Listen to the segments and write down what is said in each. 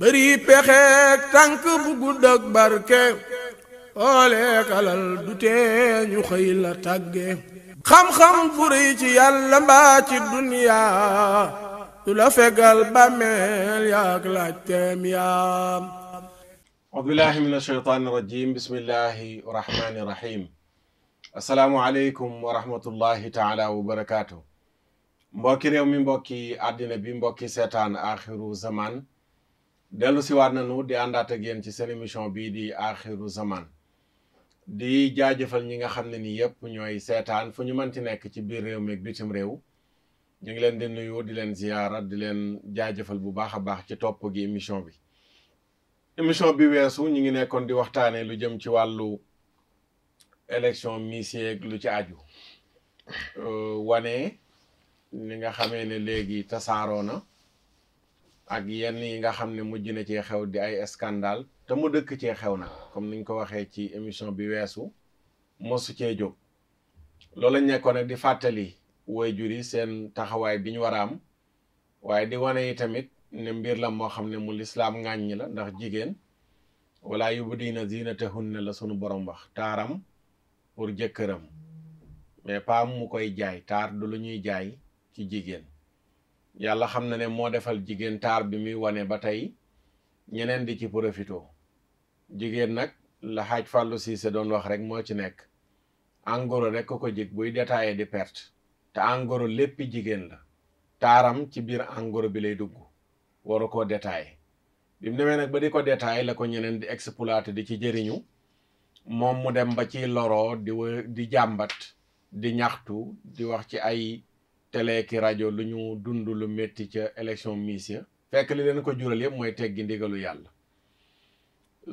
bëri pexeek tànk bu gudd ak barke xooleek alal du tee ñu xëy xam-xam bu rëy ci yàlla ci duniyaa du la fegal bàmmeel yaak laajteem yaam audbillahi min asheytaani irajim bismillahi rahmaani rahim asalaamu aleykum wa rahmatullahi taala wa barakaatu mbokki réew mi mbokki àddina bi mbokki seetaan axiru zaman dellu siwaat nañu di àndaat a yéen ci seen émission bii di axiru zaman di jaajëfal ñi nga xam ne nii yëpp ñooy seetaan fu ñu mënti nekk ci biir réew mi ak bitim réew ñu ngi leen di nuyu di leen ziyaara di leen jaajëfal bu baax a baax ci topp gi émission bi émission bi weesu ñu ngi nekkoon di waxtaanee lu jëm ci wàllu élection Miss yeeg lu ci aju euh, wane ni nga xamee ne léegi tasaaroo na ak yenn yi nga xam ne mujj na cee xew di ay scandale te mu dëkk cee xew na comme niñ ko waxee ci émission bi weesu mosu cee jóg loolu lañ nekkoon nag di fàttali woy juri seen taxawaay bi ñu war a am waaye di wane yi tamit ne mbir la moo xam ne mu lislaam ŋàññi la ndax jigéen wala yubdina zinatahunna la sunu borom wax taaram pour jëkkëram mais pas mu koy jaay taar du lu ñuy jaay ci jigéen yàlla xam na ne moo defal jigéen taar bi muy wane ba tey ñeneen di ci profito jigéen nag la xaaj fàllu siise doon wax rek moo ci nekk angoro rek ko ko jig buy détaillé di perte te angoro léppi jigéen la taaram ci biir angoro bi lay dugg waru koo détaillé bi mu demee nag ba di ko détaillé la ko ñeneen di exploité di ci jëriñu moom mu dem ba ci loro di di jàmbat di ñaxtu di wax ci ay telee ki rajo lu ñu dund lu métti ca élection miss ya fekk li leen ko jural yépp mooy teggi ndigalu yàlla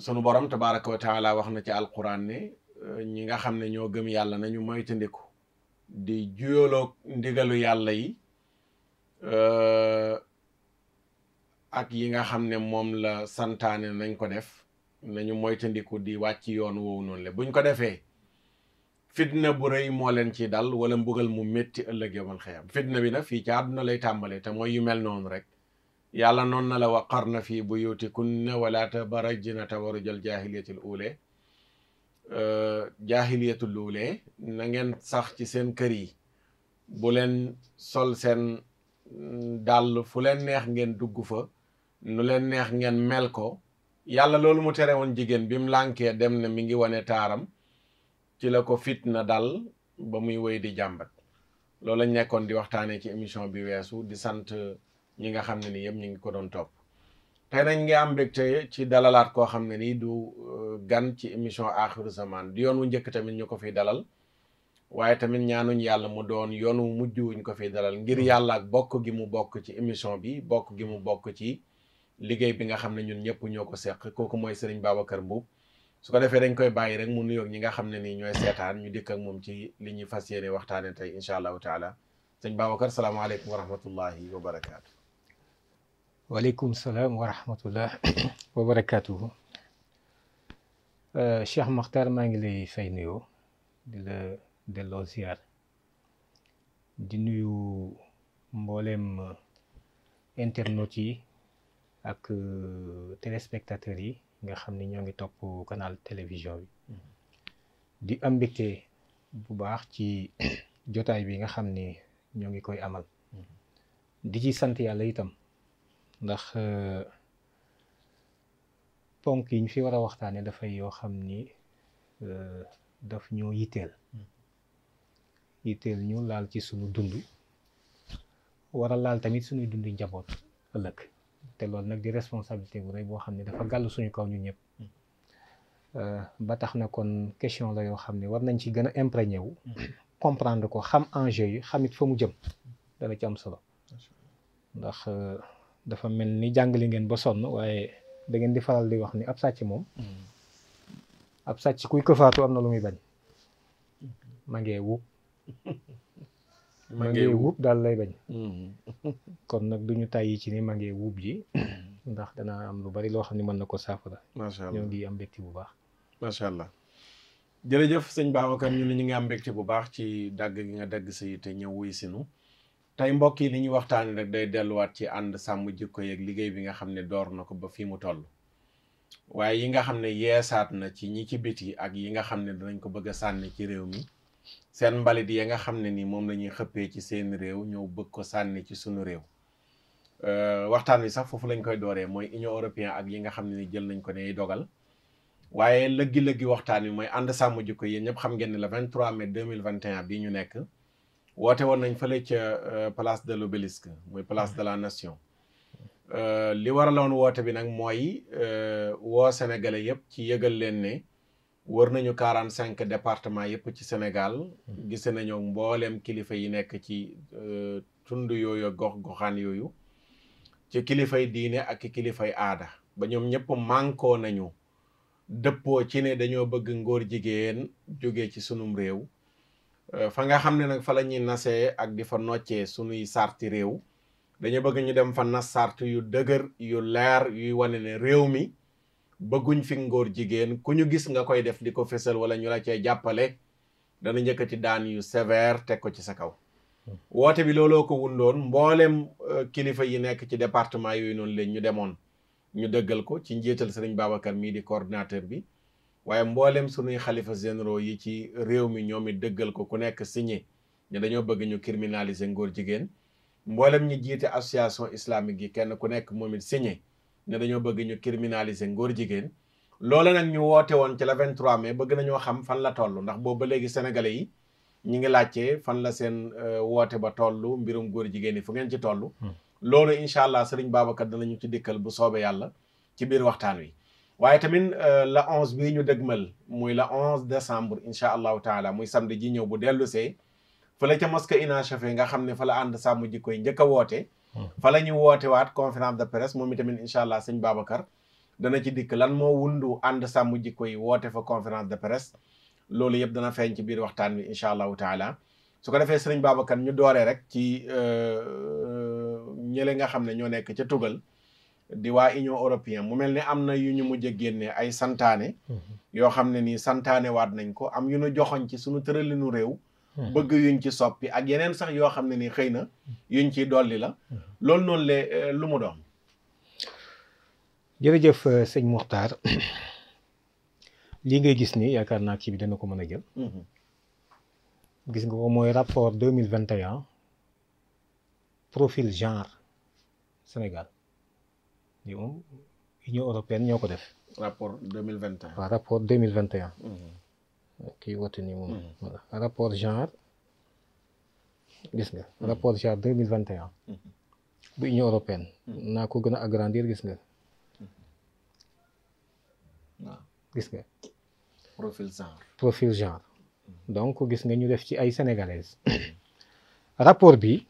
sunu borom tabaraka wa wax na ci alquran ne euh, ñi nga xam ne ñoo gëm yàlla nañu moytandiku di juyaloog ndigalu yàlla yi euh, ak yi nga xam ne moom la santaane nañ ko def nañu moytandiku di wàcc yoon woowu noonu la buñ ko defee fitna bu rëy moo leen ci dal wala mbugal mu métti ëllëg yomal xëyam fitna bi nag fii ci àdduna lay tàmbale te mooy yu mel noonu rek yàlla noon na la wax waqarna fii bu ku buyutikunna wala tabarajna tabarujal jaahiliyatil uule euh, jaahiliyatul uule na ngeen sax ci seen kër yi bu leen sol seen mm, dàll fu leen neex ngeen dugg fa nu leen neex ngeen mel ko yàlla loolu mu tere woon jigéen bi mu lànkee dem na mi ngi wane taaram ci la ko fit na dal ba muy wéy di jàmbat loolu lañ nekkoon di waxtaanee ci émission bi weesu di sant ñi nga xam ne ni yëpp ñu ngi ko doon topp tey nañ ngi am mbégte ci dalalaat koo xam ne nii du euh, gan ci émission axiru zaman di yoon wu njëkk tamit ñu ko fiy dalal waaye tamit ñaanuñ yàlla mu doon yoon wu mujj wuñ ko fi dalal ngir mm-hmm. yàlla bokk gi mu bokk ci émission bi bokk gi mu bokk ci liggéey bi nga xam ne ñun ñëpp ñoo ko seq kooku mooy Serigne Babacar Mboup su ko defee dañ koy bàyyi rek mu nuyoo ñi nga xam ne nii ñooy seetaan ñu dikk ak moom ci li ñuy fas yéene waxtaane tey incha allahu taala sëñ Babacar salaamaaleykum wa rahmatullahi wa barakaatu. waaleykum salaam wa rahmatullah wa barakaatuhu. Euh, Cheikh Makhtar maa ngi lay fay nuyoo di la delloo ziar di nuyu mbooleem euh, internautes yi ak euh, téléspectateurs yi. nga xam ni ñoo ngi topp canal télévision bi di am mbégte bu baax ci jotaay bi nga xam ni ñoo ngi koy amal di ci sant yàlla itam ndax euh, ponk yi ñu fi war a waxtaanee dafay yoo xam ni euh, daf ñoo yitteel yitteel ñu laal ci sunu dund war a laal tamit sunuy dund njaboot ëllëg te loolu nag di responsabilité bu rëy boo xam ne dafa gàll suñu kaw ñu ñëpp euh, ba tax na kon question la yoo xam ne war nañ ci gën a imprégné wu comprendre ko xam enjeu yi xamit fa mu jëm dana ci am solo ndax euh, dafa mel ni jàngali ngeen ba sonn waaye da ngeen di faral di wax ni ab sàcc moom ab sàcc kuy këfaatu am na lu muy bañ ma ngee wuub ma wuub daal lay bañ mm-hmm. kon nag du ñu tàyyi ci ni mangee wuub ji ndax dana am lu bari loo xam ne mën na ko saafara. macha allah ñoo ngi am mbégte bu baax. macha allah jërëjëf sëñ Babacar ñu ne ñu ngi am mbégte bu baax ci dagg gi nga dagg sa te ñëw wuy sinu tey mbokk yi li ñuy waxtaanee rek day delluwaat ci ànd sàmm jikko yeeg liggéey bi nga xam ne door na ko ba fi mu toll. waaye yi nga xam ne yeesaat na ci ñi ci biti ak yi nga xam ne danañ ko bëgg a sànni ci réew mi seen mbalit yi nga xam ne ni moom la ñuy xëppee ci seen réew ñëw bëgg ko sànni ci sunu réew. Euh, waxtaan wi sax foofu lañ koy dooree mooy union européen ak yi nga xam ne ni jël nañ ko ne dogal waaye lëggi-lëggi waxtaan wi mooy ànd sàmm ko yéen ñëpp xam ngeen ne le 23 mai 2021 bii ñu nekk woote woon nañ fële ca euh, place de l'obélisque mooy place de la nation euh, li waraloon woote bi nag mooy woo sénégalais yëpp ci yëgal leen ne wër nañu quarante cinq département yëpp ci Sénégal mm-hmm. gise nañu mbooleem kilifa yi nekk ci tund yooyu gox goxaan yooyu ci kilifay diine ak kilifay aada ba ñoom ñëpp mànkoo nañu dëppoo ci ne dañoo bëgg ngóor jigéen jóge ci sunum réew euh, fa nga xam ne nag fa lañuy nasee ak di fa noccee sunuy sarti réew dañoo bëgg ñu dem fa nas sart yu dëgër yu leer yuy wane ne réew mi bëgguñ fi ngóor jigéen ku ñu gis nga koy def di ko fésal wala ñu la cee jàppale dana njëkkati daan yu sever teg ko ci sa kaw woote bi looloo ko wundoon mbooleem euh, kilifa yi nekk ci département yooyu noonu leen ñu demoon ñu dëggal ko ci njiital sëriñ Babacar mii di coordinateur bi waaye mboolem sunuy xalifa généraux yi ci réew mi ñoom it dëggal ko ku nekk signé ne dañoo bëgg ñu criminaliser ngóor jigéen mbooleem ñi jiite association islamique yi kenn ku nekk moom it signé ne dañoo bëgg ñu criminaliser ngóor jigéen loola nag ñu woote woon ci la 23 mais bëgg nañoo xam fan la toll ndax boobu ba léegi yi ñi ngi laajte fan la seen euh, woote ba toll mbirum góor jigéen ñi fu ngeen ci toll. Hmm. loolu incha allah sëriñ Babacar danañu ci dikkal bu soobee yàlla ci biir waxtaan wi. waaye tamit euh, la onze bii ñu mal muy la onze decembre incha allahu taala muy samedi ji ñëw bu dellu see fële ca mosquée Ina Chafé nga xam ne fa la ànd sàmm jikko yi njëkk a woote. Hmm. fa la ñu woote waat conférence de presse moom itamit incha allah sëñ Babacar. dana ci dikk lan moo wundu ànd sàmm jikko yi woote fa conférence de presse. loolu yëpp dana feeñ ci biir waxtaan wi allah allahu taala su ko defee sëriñ Babacar ñu dooree rek ci euh, ñële nga xam ne ñoo nekk ca tugal di waa union européen mu mel ni am na yu ñu mujj a génne ay santaane mm-hmm. yoo xam ne nii santaane waat nañ ko am yu ñu joxoñ ci suñu tëralinu réew mm-hmm. bëgg yuñ ci soppi ak yeneen sax yoo xam ne nii xëy na mm-hmm. yuñ ciy dolli la loolu noonu le euh, lu mu doon jërëjëf euh, sëñ Muxtaar lii ngay gis nii yaakaar naa ci bi dana ko mën a jël. Mhm. gis nga ko mooy rapport deux mille vingt et un profil genre Sénégal lii moom Union européenne ñoo ko def. rapport mille vingt et un. rapport deux mille vingt et un. Mhm. kii woote nii moom. Mhm. rapport genre gis nga. rapport genre deux mille vingt et un. bu Union européenne. naa ko gën a agrandir gis nga. gis nga. profil genre profil genre donc gis nga ñu def ci ay sénégalaises rapport bi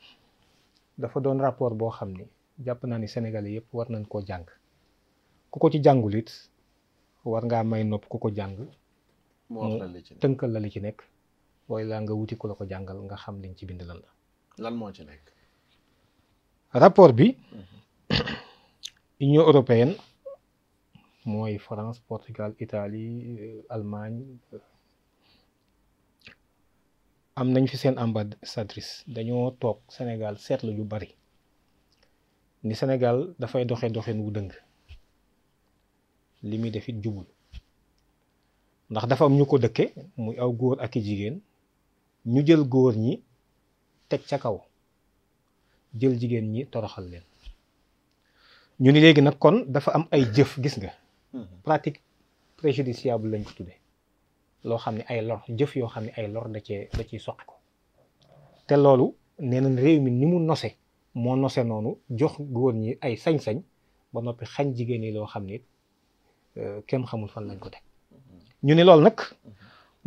dafa doon rapport boo xam ni jàpp naa ni sénégalais yëpp war nañ koo jàng ku ko ci jàngul war ngaa may nopp ku ko jàng. moo tënkal la li ci nekk. waaye laa nga wuti ko la ko jàngal nga xam liñ ci bind lan la. lan moo ci nekk. rapport bi. Mm-hmm. Union mooy France Portugal itali euh, Allemagne euh. am nañ fi seen ambassadrice dañoo toog Sénégal seetlu yu bari ni Sénégal dafay doxe doxin wu dëng li muy def jubul ndax dafa am ñu ko dëkke muy aw góor ak i jigéen ñu jël góor ñi teg ca kaw jël jigéen ñi toroxal leen ñu ni léegi nag kon dafa am ay jëf gis nga Mm-hmm. pratique préjudiciable lañ ko tuddee loo xam ne ay lor jëf yoo xam ne ay lor da cee da ciy soqi ko te loolu nee nañ réew mi ni mu nose moo nose noonu jox góor ñi ay sañ-sañ ba noppi xañ jigéen ñi loo xam ne euh, kenn xamul fan lañ ko teg mm-hmm. ñu ne loolu nag mm-hmm.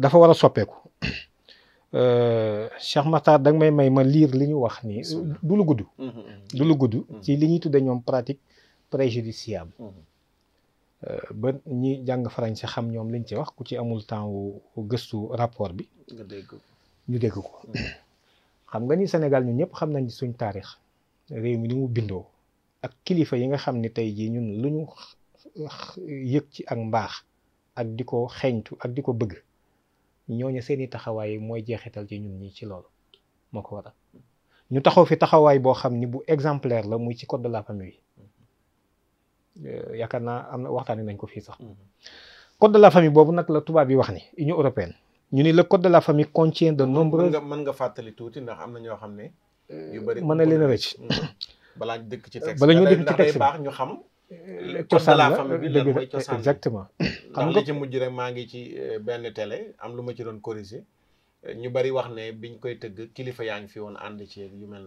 dafa war a soppeeku euh, Cheikh Makhtar da nga may may ma liir li ñu wax nii du lu gudd du lu gudd ci li ñuy tudde ñoom pratique préjudiciable Euh, ba ñi jàng français xam ñoom lañ ci wax ku ci amul temps wu gëstu rapport bi. nga dégg ñu dégg ko. Mm. xam nga ni senegal ñun ñëpp xam nañ suñ taarix réew mi ni mu bindoo ak kilifa yi nga xam ni tey jii ñun lu ñu yëg ci ak mbaax ak di ko xeeñtu ak di ko bëgg ñooñu seen i taxawaay yi mooy jeexital ci ñun ñi ci loolu moo ko waral ñu taxaw fi taxawaay boo xam ni bu exemplaire la muy ci code de la famille. Euh, yaakaar naa am na waxtaan waxtaani nañ ko fii sax. Mhm. code la famille boobu nag la tubaab yi wax ni union européenne. ñu ni le code la famille contient de nombreux. man nga fàttali tuuti ndax am na ñoo xam ne. yu bëri euh, mën na leen a rëcc. Mhm. balaa dëkk ci texte bala ñu dëkk ci texte baax ñu xam. Euh, cosaan la dëgg exactement. xam nga li ci mujj rek maa ngi ci benn télé am lu ma ci doon corriger. ñu bari wax ne biñ koy tëgg kilifa yaa ngi fi woon ànd ci yu mel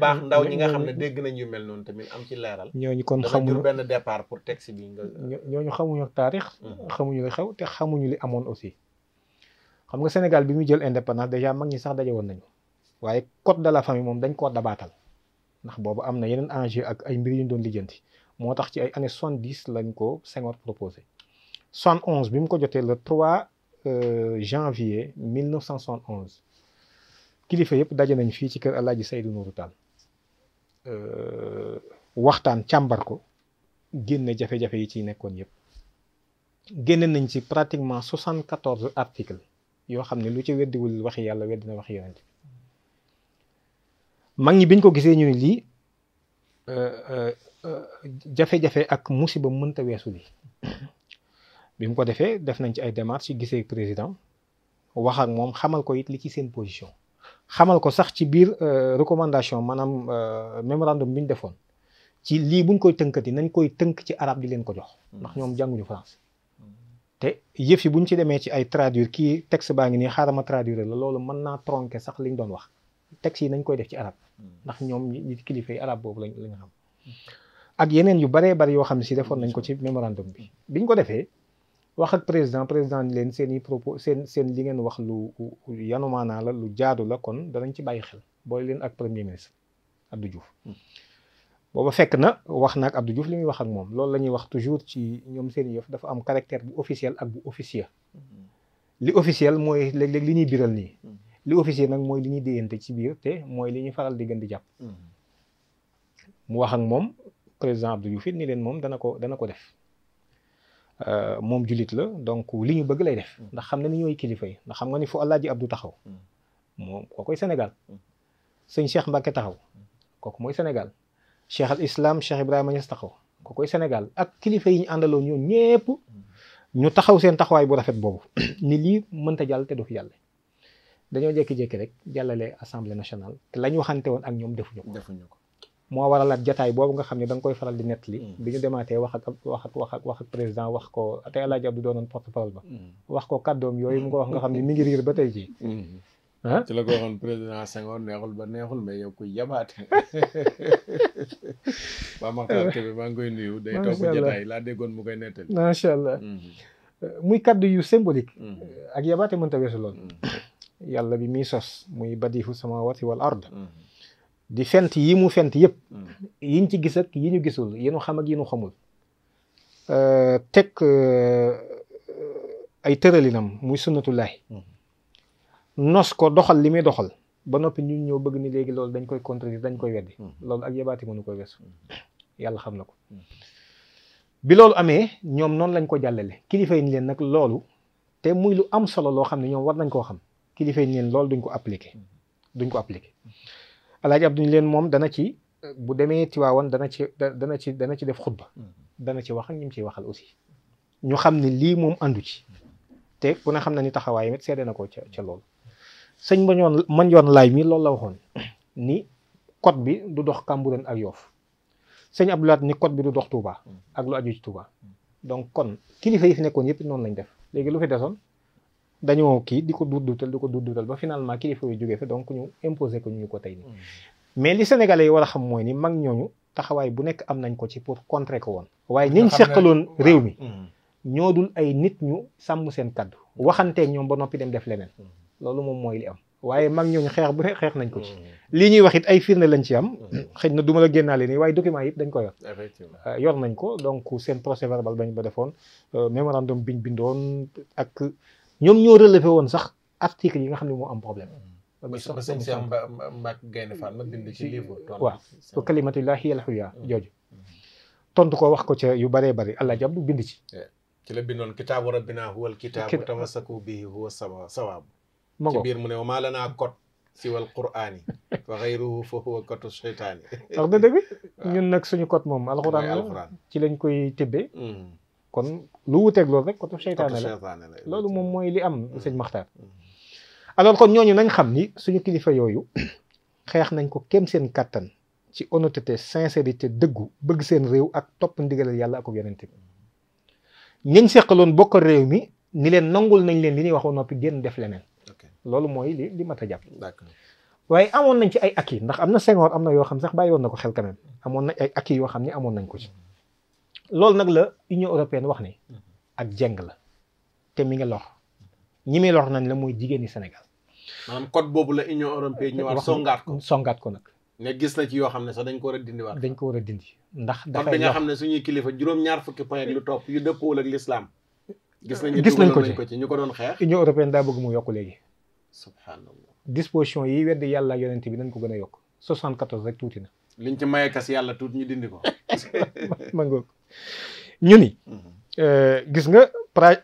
baax ndaw ñi nga xam ne dégg nañ yu mel noonu tamit am ci leeral. ñoo ñu kon xamuñu benn départ pour texte bi nga. ñooñu xamuñu taarix. Hmm. xamuñu li xew te xamuñu li amoon aussi. xam nga Sénégal bi muy jël indépendance déjà mag ñi sax daje woon nañu waaye code de la famille moom dañ koo dabaatal ndax boobu am na yeneen enjeu ak ay mbir yu ñu doon lijjanti moo tax ci ay années soixante dix lañ ko Senghor proposé soixante onze bi mu ko jotee Euh, janvier 1971 kilifa yëpp daje nañ fii ci kër El Hadj Seydou Nourou Tall euh, waxtaan càmbarko ko génne jafe-jafe yi ciy nekkoon yëpp génne nañ ci pratiquement soixante quatorze article yoo xam ne lu ci weddiwul wax yàlla weddi na waxi yonent mag ñi biñ ko gisee ñu ne lii euh, jafe-jafe ak musiba mënta weesu lii bi mu ko defee def nañ ci ay démarches ci gisee président wax ak moom xamal ko it li ci seen position xamal ko sax ci biir euh, recommandation maanaam euh, mémorandum bi ñu defoon ci lii buñ koy tënkati nañ koy tënk ci arab di leen ko jox ndax ñoom jànguñu français te yëf yi buñ ci demee ci ay traduire kii texte baa ngi nii xaaral ma traduire la loolu mën naa tronquer sax liñ doon wax texte yi nañ koy def ci arab ndax ñoom ñi kilifa yi arab boobu lañ lañ xam ak yeneen yu baree bari yoo xam ne si defoon nañ ko ci mémorandum bi biñ ko defee wax ak président président leen seen i propos seen seen li ngeen wax lu yanumaanaa la lu jaadu la kon danañ ci bàyyi xel boole leen ak premier ministre Abdou hmm. booba fekk na wax na ak Abdou Diouf li muy wax ak moom loolu la ñuy wax toujours ci ñoom seen yëf dafa am caractère bu officiel ak bu officier hmm. li officiel mooy léeg li ñuy biral nii hmm. li officier nag mooy li ñuy déggante ci biir te mooy li ñuy faral di gën di jàpp mu wax ak moom président Abdou Diouf it ni leen moom dana ko dana ko def Euh, moom jullit la donc li ñu bëgg lay def mm. ndax xam na ni ñooy kilifa yi ndax xam nga ni fu Alaaji Abdou taxaw mm. moom kookoy senegal mm. sëñ Cheikh Mbacke taxaw kooku mooy Sénégal Cheikh al Islam Cheikh Ibrahima Niass taxaw kookoy senegal ak kilifa yi ñu àndaloo ñëpp ñu taxaw seen taxawaay bu rafet boobu ni lii mënta jàll te du fi jàll dañoo jékki-jékki rek jàllale assemblée national te la ñu waxante woon ak ñoom defuñu ko. defuñu ko moo waral ak jotaay boobu nga xam ne da koy faral di nettali. Mm. bi ñu demaatee wax ak wax ak wax ak wax ak wax ko te El Hadj Abdou doonoon porte parole mm. wax ko kàddoom yooyu mu ko wax nga xam ne mi ngi riir ba tey jii. Mm. ah ci la ko waxoon président Senghor neexul ba neexul mais yow kuy yabaate. ba Makhtar Kébé maa ngi koy nuyu. day toog jotaay laa déggoon mu koy nettali. macha allah. muy kadd yu symbolique. ak yabaate mënta weesu lool. yàlla bi muy sos muy sama samawati wal ard. di fent yi mu fent yëpp mm. yiñ ci gis ak yi ñu gisul yi ñu xam ak yi ñu xamul euh, teg euh, euh, ay tëralinam muy sunnatullahi mm-hmm. nos ko doxal li muy doxal ba noppi ñu ñëw bëgg ni léegi loolu dañ koy contredire dañ koy weddi mm-hmm. loolu ak yabaati nu koy wesu mm-hmm. yàlla xam na ko bi loolu amee ñoom noonu lañ ko jàllale kilifa yi ni leen nag loolu te muy lu am solo loo xam ne ñoom war nañ koo xam kilifa yi ni leen loolu duñ ko appliqué duñ ko appliqué alaaji abdu ñu leen moom dana ci mm-hmm. bu demee Tiwaawan dana ci dana ci dana ci def xutba mm-hmm. dana ci wax ak ñi mu ciy waxal aussi ñu xam ne lii moom àndu ci te ku ne xam na ni taxawaay mit seede na ko ca ca loolu sëñ ma ñoon man yoon laay mii loolu la waxoon ni code bi du dox Cambérène ak Yoff sëñ Abdoulaat ni code bi du dox Touba mm-hmm. ak lu aju ci Touba donc kon kilifa yi fi nekkoon yëpp noonu lañ def léegi lu fi desoon dañoo kii di ko duut duutal di ko duut duutal ba finalement kilifa yu jógee fa donc ñu imposé ko ñu ko tey nii. Mm. mais li sénégalais war a xam mooy ni mag ñooñu taxawaay bu nekk am nañ ko ci pour contrer ko woon. waaye ñiñ seqaloon réew mi. Mm. ñoo dul ay nit ñu sàmm seen kaddu. waxanteeg ñoom ba noppi dem def leneen. Mm. loolu moom mooy li am. waaye mag ñooñu xeex bu ne xeex nañ ko ci. li ñuy wax it ay firnde lañ ci am. xëy na du ma la génnaale nii waaye document yëpp ko yor. effectivement euh, yor nañ ko donc seen procès verbal ñoom ñoo relevé woon sax article yi nga xam ne moo am problème. ba mm. sëñ Cheikh Mbacke Gaynde Fatma mm. bind ci livre. Mm. waaw ba kalimatullahi hiya al ko wax ko ca yu bëree bëri allah jab du bind ci. la bindoon kitaabu rabbinaa huwal kitaabu tamassaku bihi huwa sawaab. ma ci biir mu ne wa maa lanaa kot siwal qur'aani wa ghayruhu fa huwa kotu seytaani. wax dëgg ñun nag suñu kot moom alxuraan ci lañ koy tibbee. kon lu wuteeg loolu rek kotu seytaane la loolu moom mooy li am mm-hmm. sëñ Maxtaar mm-hmm. alors kon ñooñu nañ xam ni suñu kilifa yooyu xeex nañ ko kem seen kàttan ci honnêteté sincérité dëggu bëgg seen réew ak topp ndigalal yàlla ak yonente bi mm-hmm. ñañ seqaloon bokk réew mi ni leen nangul nañ leen li ñuy waxoon noppi génn def leneen loolu mooy li li mat a jàpp waaye amoon nañ ci ay acquis ndax am na Senghor am na yoo xam sax bàyyi woon na ko xel quand même amoon nañ ay yoo xam ne amoon nañ ko ci loolu nag la Union européenne wax ni mhm. ak jeng la te mi ngi lor ñi muy lor nañ la mooy jigéeni Sénégal. maanaam code boobu la Union européenne ñëwaat songaat ko songaat ko nag. mais gis na ci yoo xam ne sax dañ ko war a dindi waat. dañ ko war a dindi ndax. dafay nga xam ne suñuy kilifa juróom-ñaar fukki point lu topp yu dëppoowul ak lislaam gis nañ gis nañ ko ci ñu ko doon xeex. Union européenne daa bëgg mu yokk léegi. subhanallah disposition yi wedd yàlla yonante bi dañ ko gën a yokk 74 rek tuuti na. liñ ci mayekas yàlla tuuti ñu dindi ko. ñu ni mhm. euh, gis nga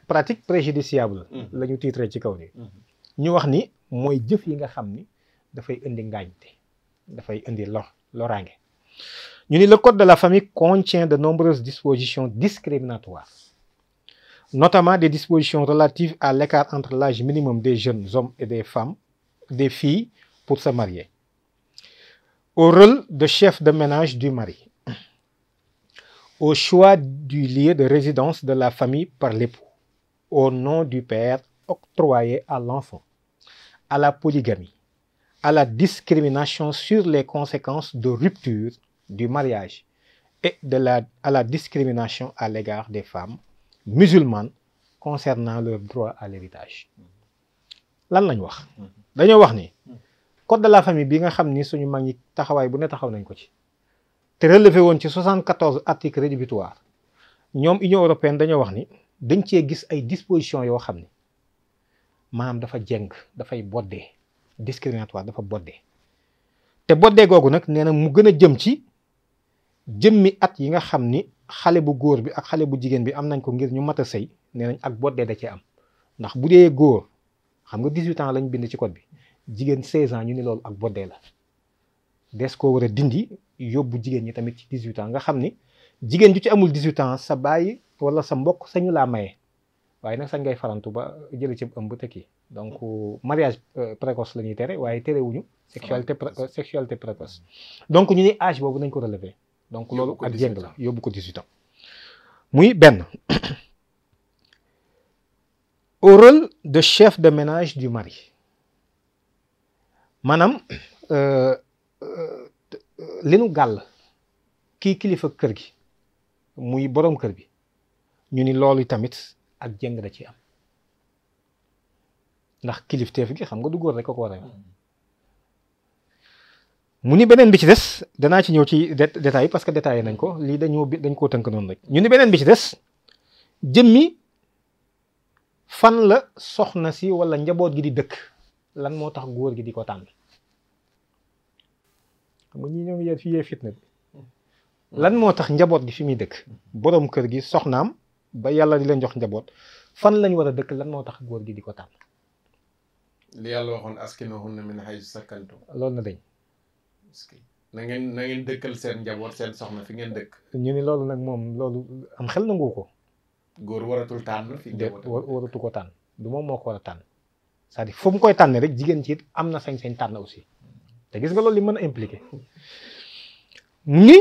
pratique préjudiciable mhm. la ñu tiitre ci kaw ni mhm. ñu wax ni mooy jëf yi nga xam ni dafay indi ngaañte dafay indi lor loraange ñu ni le code de la famille contient de nombreuses dispositions discriminatoires notamment des dispositions relatives à l'écart entre lage minimum des jeunes hommes et des femmes des filles pour se marier au rôle de chef de ménage du mari au choix du lieu de résidence de la famille par l'époux, au nom du père octroyé à l'enfant, à la polygamie, à la discrimination sur les conséquences de rupture du mariage et de la, à la discrimination à l'égard des femmes musulmanes concernant leur droit à l'héritage lan lañ wax mm-hmm. dañoo wax ni mm-hmm. code de la famille bi nga xam ni suñu mag ñi taxawaay bu ne taxaw nañ ko ci te relevé woon ci 74 articles rédhibitoires ñoom Union européenne dañoo wax ni dañ cee gis ay dispositions yoo xam ni maanaam dafa jeng dafay boddee discriminatoire dafa boddee te boddee googu nag nee na mu gën a jëm ci jëmmi at yi nga xam ni xale bu góor bi ak xale bu jigéen bi am nañ ko ngir ñu mat a sëy nee nañ ak boddee da cee am ndax bu dee góor xam nga 18 ans lañ bind ci code bi jigéen 16 ans ñu ni loolu ak boddee la des koo war dindi. yóbbu jigéen ñi tamit ci 18 ans nga xam ni jigéen ju ci amul 18 ans sa baay wala sa mbokk sañu laa maye waaye nag sañ ngay farantu ba jëlee ci ëmb te kii donc mariage euh, précoce la ñuy tere waaye terewuñu. sexualité sexualité précoce. donc ñu ne âge boobu nañ ko relever. donc loolu ak jeng la yóbbu ko 18 ans. muy benn au rôle de chef de ménage du mari maanaam. Euh, euh, li nu gàll kii kilifa kër gi muy boroom kër bi ñu ni loolu tamit ak jëng da ci am ndax kilifteef gi xam nga du góor rek ko ko war mu ni beneen bi ci des danaa ci ñëw ci détail parce que détaillé nañ ko lii dañoo dañ koo tënk noonu rek ñu ni beneen bi ci des jëmmi fan la soxna si walla njaboot gi di dëkk lan moo tax góor gi di ko tànn xam nga ñëw ñoom yar fi yee fitna bi mm. lan moo tax njaboot gi fi muy dëkk borom kër gi soxnaam ba yàlla di leen jox njaboot fan lañ war a dëkk lan moo tax góor gi di ko tànn li yàlla waxoon askinahunna min haythu sakantum loolu na dañ na ngeen na ngeen seen njaboot seen soxna fi ngeen dëkk ñu ni loolu nag moom loolu am xel nangu ko góor waratul tànn fi waratu ko tànn du moo ko war a tànn c'est-à-dire fu mu koy tànn rek jigéen ci it am na sañ-sañ tànn aussi te gis nga loolu li mën a impliqué mu ni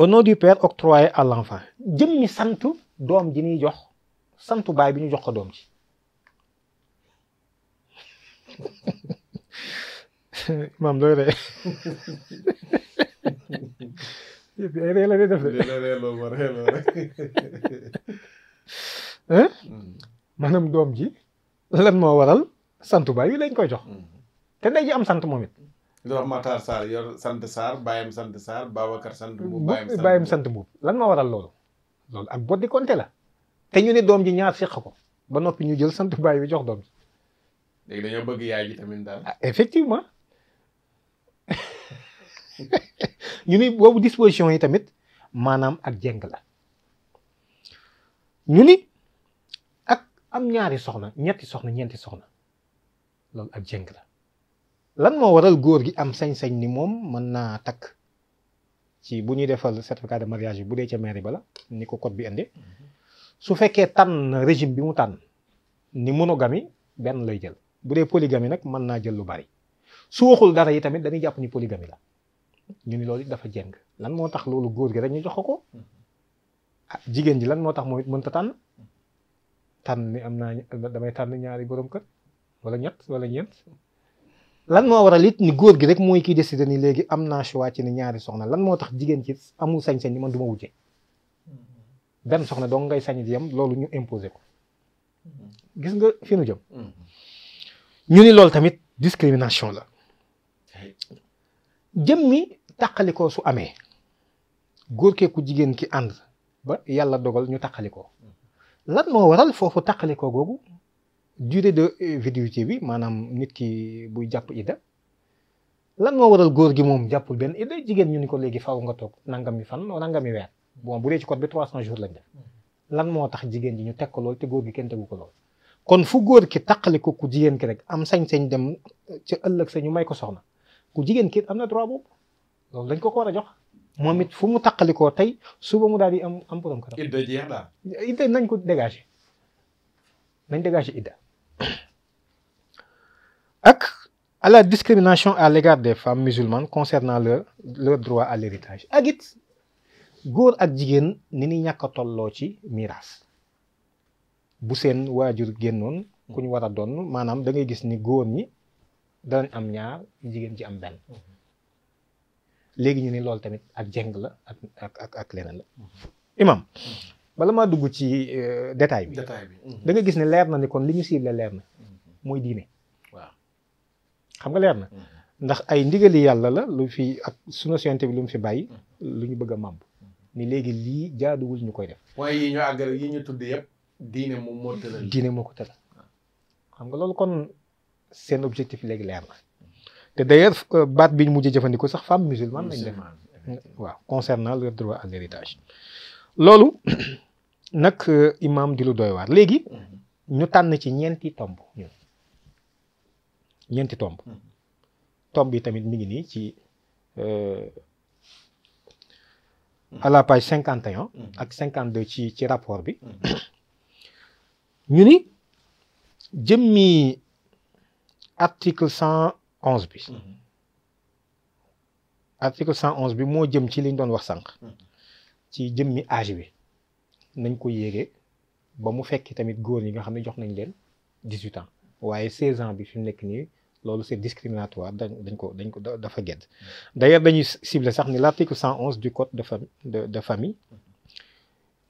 au nom du père octroyé à l'enfant jëm sant doom ji ñuy jox santu baay bi ñu jox ko doom ji maam looy ree ree doom ji lan moo waral santu baay bi lañ koy jox mm. te day ji am sant moom it. li wax Matar Sarr yor sant Sarr baayam sant Sarr Babacar sant Mbuub baayam sant Mbuub lan moo waral loolu. loolu ak boddi konte la te ñu ne doom ji ñaar seq ko ba noppi ñu jël sant baay bi jox doom ji. léegi dañoo bëgg yaay ji tamit daal. ah effectivement ñu ni boobu disposition yi tamit maanaam ak jeng la ñu ni ak am ñaari soxna ñetti soxna ñeenti soxna loolu ak jeng la. lan moo waral góor gi am sañ-sañ ni moom mën naa takk ci bu ñuy defal certificat de mariage bi bu dee ca mairie bala ni ko code bi indi mhm. su fekkee tànn régime bi mu tànn ni monogamie benn lay jël bu dee polygamie nag mën naa jël lu bari su waxul dara yi tamit dañuy jàpp ni polygamie la ñu ni loolu dafa jeng lan moo tax loolu góor gi rek ñu jox ko mhm. ah jigéen ji lan moo tax moom it mënta tànn tànn ni am naa damay tànn ñaari borom kër wala ñett wala ñeent lan moo waral it ni góor gi rek mooy kiy décider ni léegi am naa choix ci ni ñaari soxna lan moo tax jigéen ci amul sañ-sañ ni man du ma wujje mm-hmm. benn soxna dong ngay sañ di yem loolu ñu imposer ko mm-hmm. gis nga fi nu jëm. Mm-hmm. ñu ni loolu tamit discrimination la. jëm mi jëmmi ko su amee góor kee jigéen ki ànd ba yàlla dogal ñu taqalikoo lan moo waral foofu ko googu durée de vidéité bi maanaam nit ki buy jàpp idda lan moo waral góor gi moom jàppul benn idda jigéen ñu ni ko léegi faaw nga toog nangami fan nangami weer bon bu dee ci code bi 300 jours lañ def mm. lan moo tax jigéen ji ñu teg ko lool te góor gi kenn tegu ko lool. kon fu góor ki taqali ko ku jigéen ki rek am sañ-sañ dem ca ëllëg sa ñu may ko soxna ku jigéen ki am na droit bu loolu dañ ko ko war a jox. moom it fu mu taqali ko tey suba mu daal di am am borom këram. idda jeex daal. idda nañ ko dégagé nañ dégagé idda. ak à la discrimination à l'égard des femmes musulmanes concernant leur leur droit à l'héritage ak it góor ak jigéen ni ni ñàkk tolloo ci miraas bu seen waajur génnoon ku ñu war a doon maanaam dangay gis ni góor ñi danañ am ñaar jigéen ci am benn léegi ñu ni loolu tamit ak jeng la ak ak leneen la imam bala maa dugg ci euh, détail bi mhm. da nga gis ne leer na ni kon li ñu ciblé leer na mhm. mooy diine waaw xam nga leer na mhm. ndax ay ndigali yàlla la lu fi ak sunu science bi lu mu fi bàyyi lu ñu bëgg a màmb ni léegi lii jaaduwul ñu koy def waaye yi yi ñu tudd yëpp diine moom moo tëral moo ko tëral ah. xam nga loolu kon seen objectif léegi leer na te d'ailleurs euh, baat bi ñu mujj jëfandikoo sax femme musulmane lañ def waaw concernant leur droit à l'héritage loolu nag euh, imaam di lu doy waar léegi mhm. ñu tànn ci ñeenti tomb ñun ñeenti tomb mhm. tomb yi tamit mi ngi nii ci euh, mhm. à la page cinquante et ak cinquante deux ci ci rapport bi ñu ni jëmmi article cent onze bi article cent onze bi moo jëm ci liñ doon wax sànq ci jëmmi aaj bi nañ ko yéegee ba mu fekki tamit góor ñi nga xam ne jox nañ leen dix-huit ans waaye seize ans bi fi mu nekk nii loolu c'est discriminatoire dañ dañ ko dañ ko dafa gedd d'ailleurs dañuy ciblé sax ni l'article cent onze du code de famille de, de famille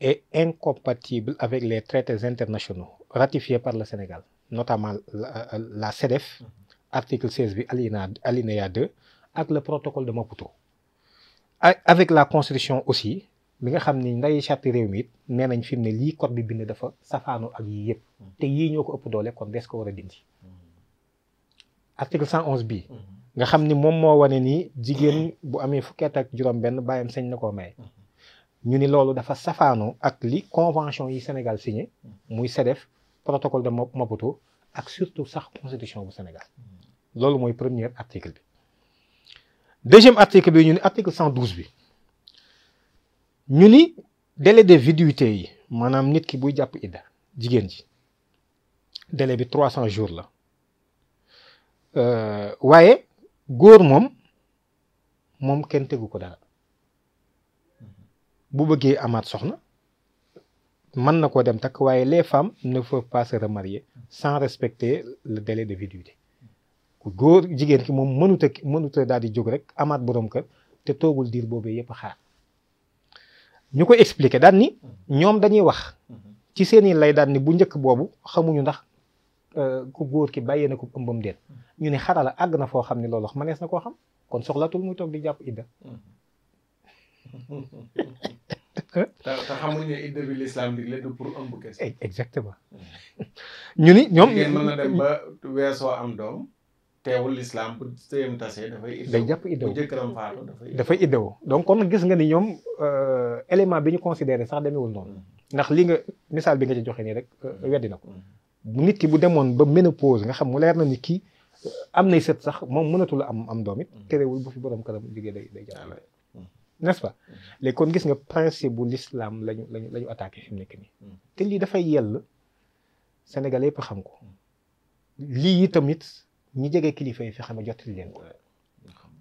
est incompatible avec les traités internationaux ratifiés par le Sénégal notamment la, la CEDEF article bi alinéa alinéa 2 ak le protocole de Maputo avec la constitution aussi mi nga xam ni nday charte réew mi it nee nañ fi ne lii code bi bind dafa safaanoo ak yii yëpp mm-hmm. te yii ñoo ko ëpp doole kon des ko war a dindi mm-hmm. article cent onze bi mm-hmm. nga xam ni moom moo wane ni jigéen bu amee fukkeet ak juróom benn bàyyam sañ na koo maye ñu ni loolu dafa safaanoo ak li convention yi Sénégal signé muy CEDEF protocole de Maputo ak surtout sax constitution bu Sénégal loolu mooy premier article bi deuxième article bi ñu ni article cent douze bi ñu ni délai de viduité yi maanaam nit ki buy jàpp idda jigéen ji délé bi trois cent jours la euh, waaye góor moom moom kenn tegu ko dara bu bëggee amaat soxna mën na koo dem takk waaye les femmes ne peuvent pas se remarier sans respecter le délai de viduité ku góor jigéen ki moom mënut a mënut daal di jóg rek amaat borom kër te toogul diir boobee yëpp xaar. ñu koy expliquer daan ni mm-hmm. ñoom dañuy wax mm-hmm. ci seeni lay daan ni bu njëkk boobu xamuñu ndax euh, ku góor ki bàyyee na ko ëmbam déet mm-hmm. ñu ne xarala àgg na foo xam ne loolu wax mënees na koo xam kon soxla soxlatul muy toog di jàpp idda te xamuñu ne idda bi lislaam bi léegi pour ëmb kese exactement ñu ni ñoom mën na weesoo am doom teewul lislaam bu sëyam tase dafay iddaw day jàpp iddaw bu jëkkëram dafay dafay iddaw donc kon gis nga ni ñoom euh, élément bi ñu considéré sax demeewul noonu mm-hmm. ndax li nga misaal bi nga joxe nii rek euh, mm-hmm. weddi na ko mm-hmm. nit ki bu demoon ba ménopause nga xam mu leer na ni kii am nay sët sax moom mënatul am am doom terewul bu fi borom këram jógee day day jàpp n'est-ce pas léegi gis nga principe bu l'islam lañu lañu la ñu attaqué fi nekk nii te lii dafay yell sénégalais yëpp xam ko lii tamit ñi jege kilifa yi fi fexe ba jottali leen ko.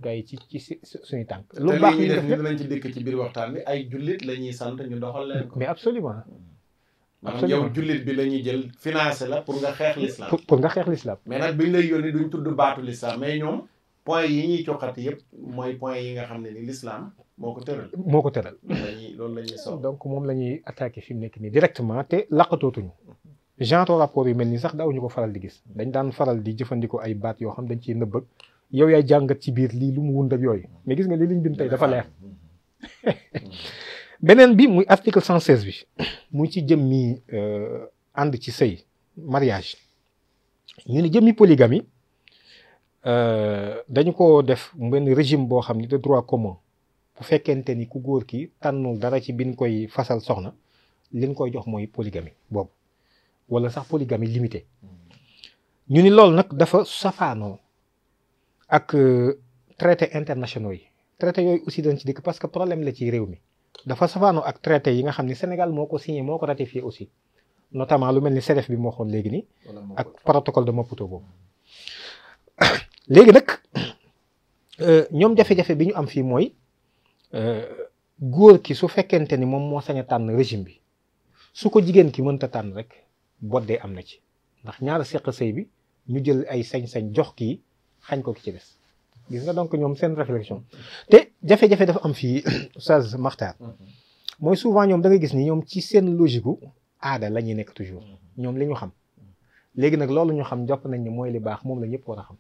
gaa yi ci ci suñu tànk. lu baax li def ñu dinañ ci dëkk ci biir waxtaan bi ay jullit la ñuy sant ñu doxal leen ko. mais absolument mm. maanaam yow jullit bi la ñuy jël financé la pour nga xeex l'islam pour nga xeex l'islam mais nag biñ lay yónni duñ tudd baatu l'islam mais ñoom point yi ñuy coxati yëpp mooy point yi nga xam ne ni l'islam moo ko tëral. moo ko tëral. loolu la ñuy loolu la donc moom la ñuy attaqué fi mu nekk nii directement te laqatootuñu. genre rapport yu mel nii sax ñu ko faral di gis dañ daan faral di jëfandikoo ay baat yoo xam dañ ciy nëbbëg yow yaay jàngat ci biir lii lu mu wund ak yooyu mais gis nga lii liñ bind tey dafa leer beneen bi muy article cent seize bi muy ci jëm mi euh, ànd ci sëy mariage ñu ne jëmmi polygamie euh, dañu ko def benn régime boo xam ni de droit commun bu fekkente ni ku góor ki tànnul dara ci biñ koy fasal soxna liñ koy jox mooy polygamie boobu wala sax polygamie limitée ñu ni loolu nag dafa safaanoo ak euh, traité internationaux yi traité yooyu aussi dañ ci dikk parce que problème la ci réew mi dafa safaanoo ak traité yi nga xam ni Sénégal moo ko signé moo ko ratifié aussi notamment lu mel ni CEDEF bi moo xoon léegi nii ak protocole de Maputo boobu léegi nag euh, ñoom jafe-jafe bi ñu am fii mooy euh, góor ki su fekkente ni moom moo sañ tànn régime bi su ko jigéen ki mënta tànn rek boddee am na ci ndax ñaara seq sëy bi ñu jël ay sañ-sañ jox kii xañ ko ki ci des gis nga donc ñoom seen réflexion te jafe-jafe dafa am fii Oustaz Makhtar mhm. mooy souvent ñoom da nga gis ni ñoom ci seen logique gu aada la ñuy nekk toujours mhm. ñoom li ñu xam mhm. léegi nag loolu ñu xam jàpp nañ ne mooy li baax moom la ñëpp war a xam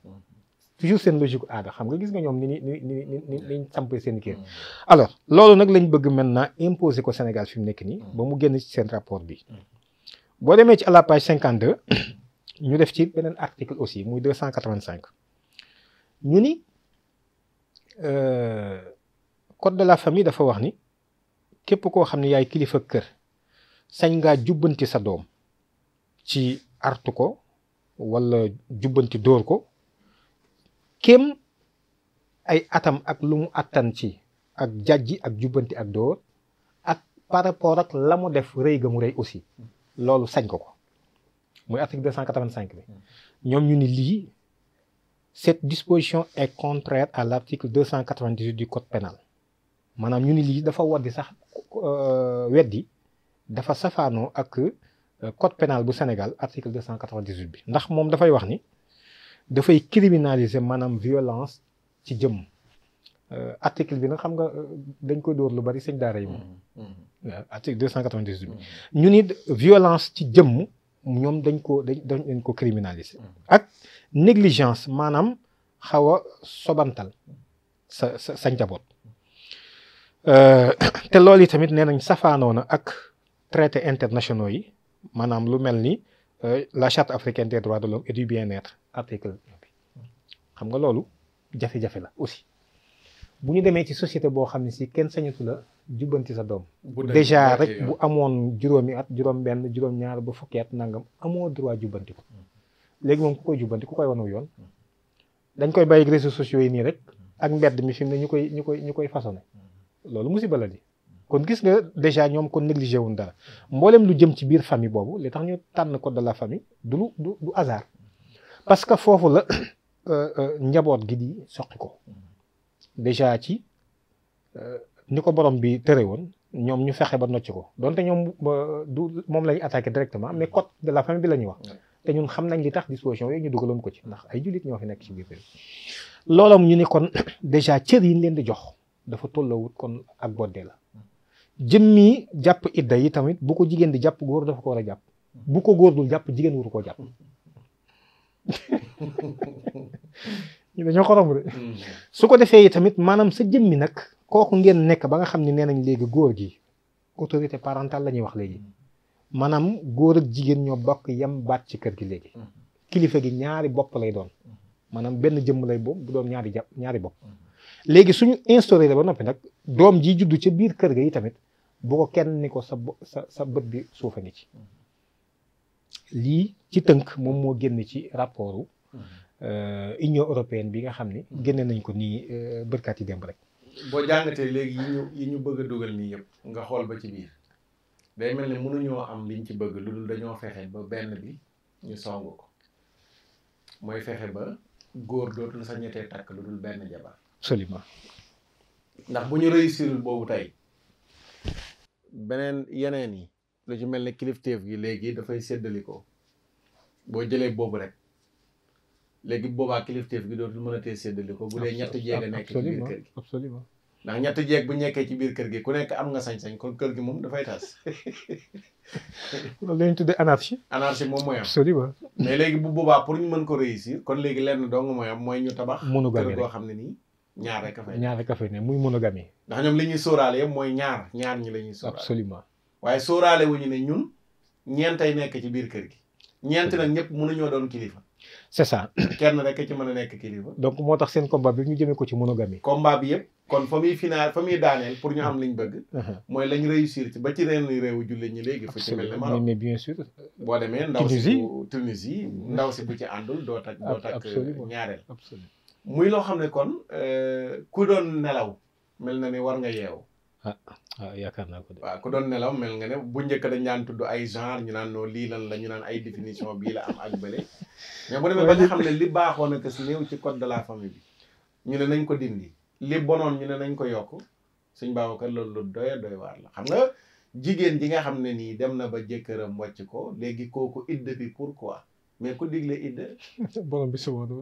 toujours seen logique gu aada xam nga gis nga ñoom ni ni ni ni ni niñ sampee seen kër alors loolu nag lañ bëgg maintenant imposer ko Sénégal fi mu nekk nii ba mu génn ci seen rapport bi boo demee ci à la page cinquante ñu def ci beneen article aussi muy deux cent quatre vingt ñu ni euh, code de la famille dafa wax ni képp koo xam ne yaay kilifa kër sañ ngaa jubbanti sa doom ci art ko walla jubbanti dóor ko kem ay atam ak lu mu attan ci ak jàjji ak jubbanti ak dóor ak par rapport ak la mu def rëy ga mu rëy aussi loolu sañ ko ko muy article cent quatre-vingt-cinq bi ñoom ñu ni lii cette disposition est contraire à l'article deux cent quatre vingt du code pénal maanaam ñu ni lii dafa waddi sax euh, weddi dafa safaanoo ak euh, code pénal bu Sénégal article deux cent quatre vingt dix bi ndax moom dafay wax ni dafay criminaliser maanaam violence ci jëmm Euh, article bi nag xam nga euh, dañ koy dóor lu bari sëñ daara yi moom. Mm-hmm. Mm-hmm. Euh, article cent quatre vingt dix mm-hmm. ñu nit violence ci jëmm ñoom dañ ko dañ dañ ko criminaliser. ak négligence maanaam xaw a sobantal sa sa sa njaboot. te loolu yi tamit nee nañ safaanoo na ak traité internationaux yi maanaam lu mel ni la charte africaine des droits de l'homme et du bien xam nga loolu jafe-jafe la aussi. bu ñu demee ci société boo xam ne si kenn sañatu la jubbanti sa doom déjà rek bu amoon juróomi at juróom benn juróom ñaar ba fukki at nangam amoo droit jubbanti léegi moom ku koy jubbanti ku koy wanaw yoon dañ koy bàyyi réseaux sociaux yi nii rek ak mbedd mi fi ne ñu koy ñu koy ñu koy façonné loolu musiba la di kon gis nga déjà ñoom kon négligé wuñ dara mboolem lu jëm ci biir famille boobu li tax ñu tànn ko de la famille du lu du du hasard parce que foofu la euh, euh, njaboot gi di soqi ko déjà ci euh, ni ko borom bi tëre woon ñoom ñu fexe ba nocc ko donte ñoom du moom la ñu attaqué directement mais code de la famille bi la ñuy wax. te ñun xam nañ li tax disposition yooyu ñu dugaloon ko ci ndax ay jullit ñoo fi nekk ci biir réew. ñu ne kon déjà cër yi leen di jox dafa tolloowut kon ak boddee la jëmmi jàpp idda yi tamit bu ko jigéen di jàpp góor dafa ko war a jàpp bu ko góor dul jàpp jigéen waru koo jàpp. dañoo ko mm. su ko defee tamit maanaam sa jëmmi nag kooku ngeen nekk ba nga xam ne nee nañ léegi góor gi autorité parentale la ñuy wax léegi maanaam góor ak jigéen ñoo bokk yem baat ci kër gi léegi. Mm. kilifa gi ñaari bopp lay doon maanaam benn jëmm lay boobu bu ñaari jàpp ñaari bopp mm. léegi suñu instauré la ba noppi nag doom ji juddu ci biir kër ga yi tamit bu ko kenn ni ko sa sa bët bi suufa ngi ci lii ci tënk moom moo génne ci rapportu Euh, Union européenne bi nga xam ni hmm. génne nañ ko nii euh, bërkaat yi démb rek. boo jàngatee léegi yi ñu yi ñu bëgg a dugal nii yëpp nga xool ba ci biir day mel ne mënuñoo am liñ ci bëgg lu dul dañoo fexe ba benn bi ñu song ko mooy fexe ba góor dootul sa ñettee takk lu dul benn jabar. absolument. ndax bu ñu réussirul boobu tey beneen yeneen yi lu ci mel ni kilifteef gi léegi dafay séddali ko boo jëlee boobu rek léegi boobaa kilifteef gi dootul mën a tee séddale ko bu dee ñett jeeg a nekk ci biir ndax ñett jeeg bu nekkee ci biir kër gi ku nekk am nga sañ-sañ kon kër gi moom dafay tas loolu la tuddee anarchie anarchie moom mooy am absolument mais léegi bu boobaa pour ñu mën ko réussir kon léegi lenn dong mooy am mooy ñu tabax monogamie kër goo xam ne nii ñaar rek a fay ñaar rek a fay ne muy monogamie ndax ñoom li ñuy sóoraale yëpp mooy ñaar ñaar ñi la ñuy sóoraale absolument waaye sóoraale wuñu ne ñun ñeentay nekk ci biir kër gi ñeent nag ñëpp ñoo doon kilifa c' est ça. kenn rek ci mën a nekk kilifa. donc moo tax seen combat bi ñu jëmee ko ci monogamie. combat bi yëpp kon fa muy final fa muy daaneel pour ñu am liñ bëgg. Uh-huh. mooy lañ réussir ci ba ci reen réewu jullit ñi léegi. fu ci mel ne Maroc mais bien sûr. boo demee ndaw si Tunisie ndaw si bu ci àndul doo tak doo tak ñaareel. muy loo xam ne kon euh, ku doon nelaw mel na ni war nga yeewu. Ah. waaw ah, yaakaar naa ko de waaw ku doon nelaw mel nga ne bu njëkk dañ daan tudd ay genre ñu naan noo lii lan la ñu naan ay définition bii la am ak bële mais bu demee ba nga xam ne li baaxoon a kës néew ci code de la famille bi ñu ne nañ ko dindi li bonoon ñu ne nañ ko yokk suñ Babacar loolu lu doy doy waar la xam nga jigéen ji nga xam ne nii dem na ba jëkkëram wàcc ko léegi kooku idda bi pour quoi mais ku digle idda borom bi subhanahu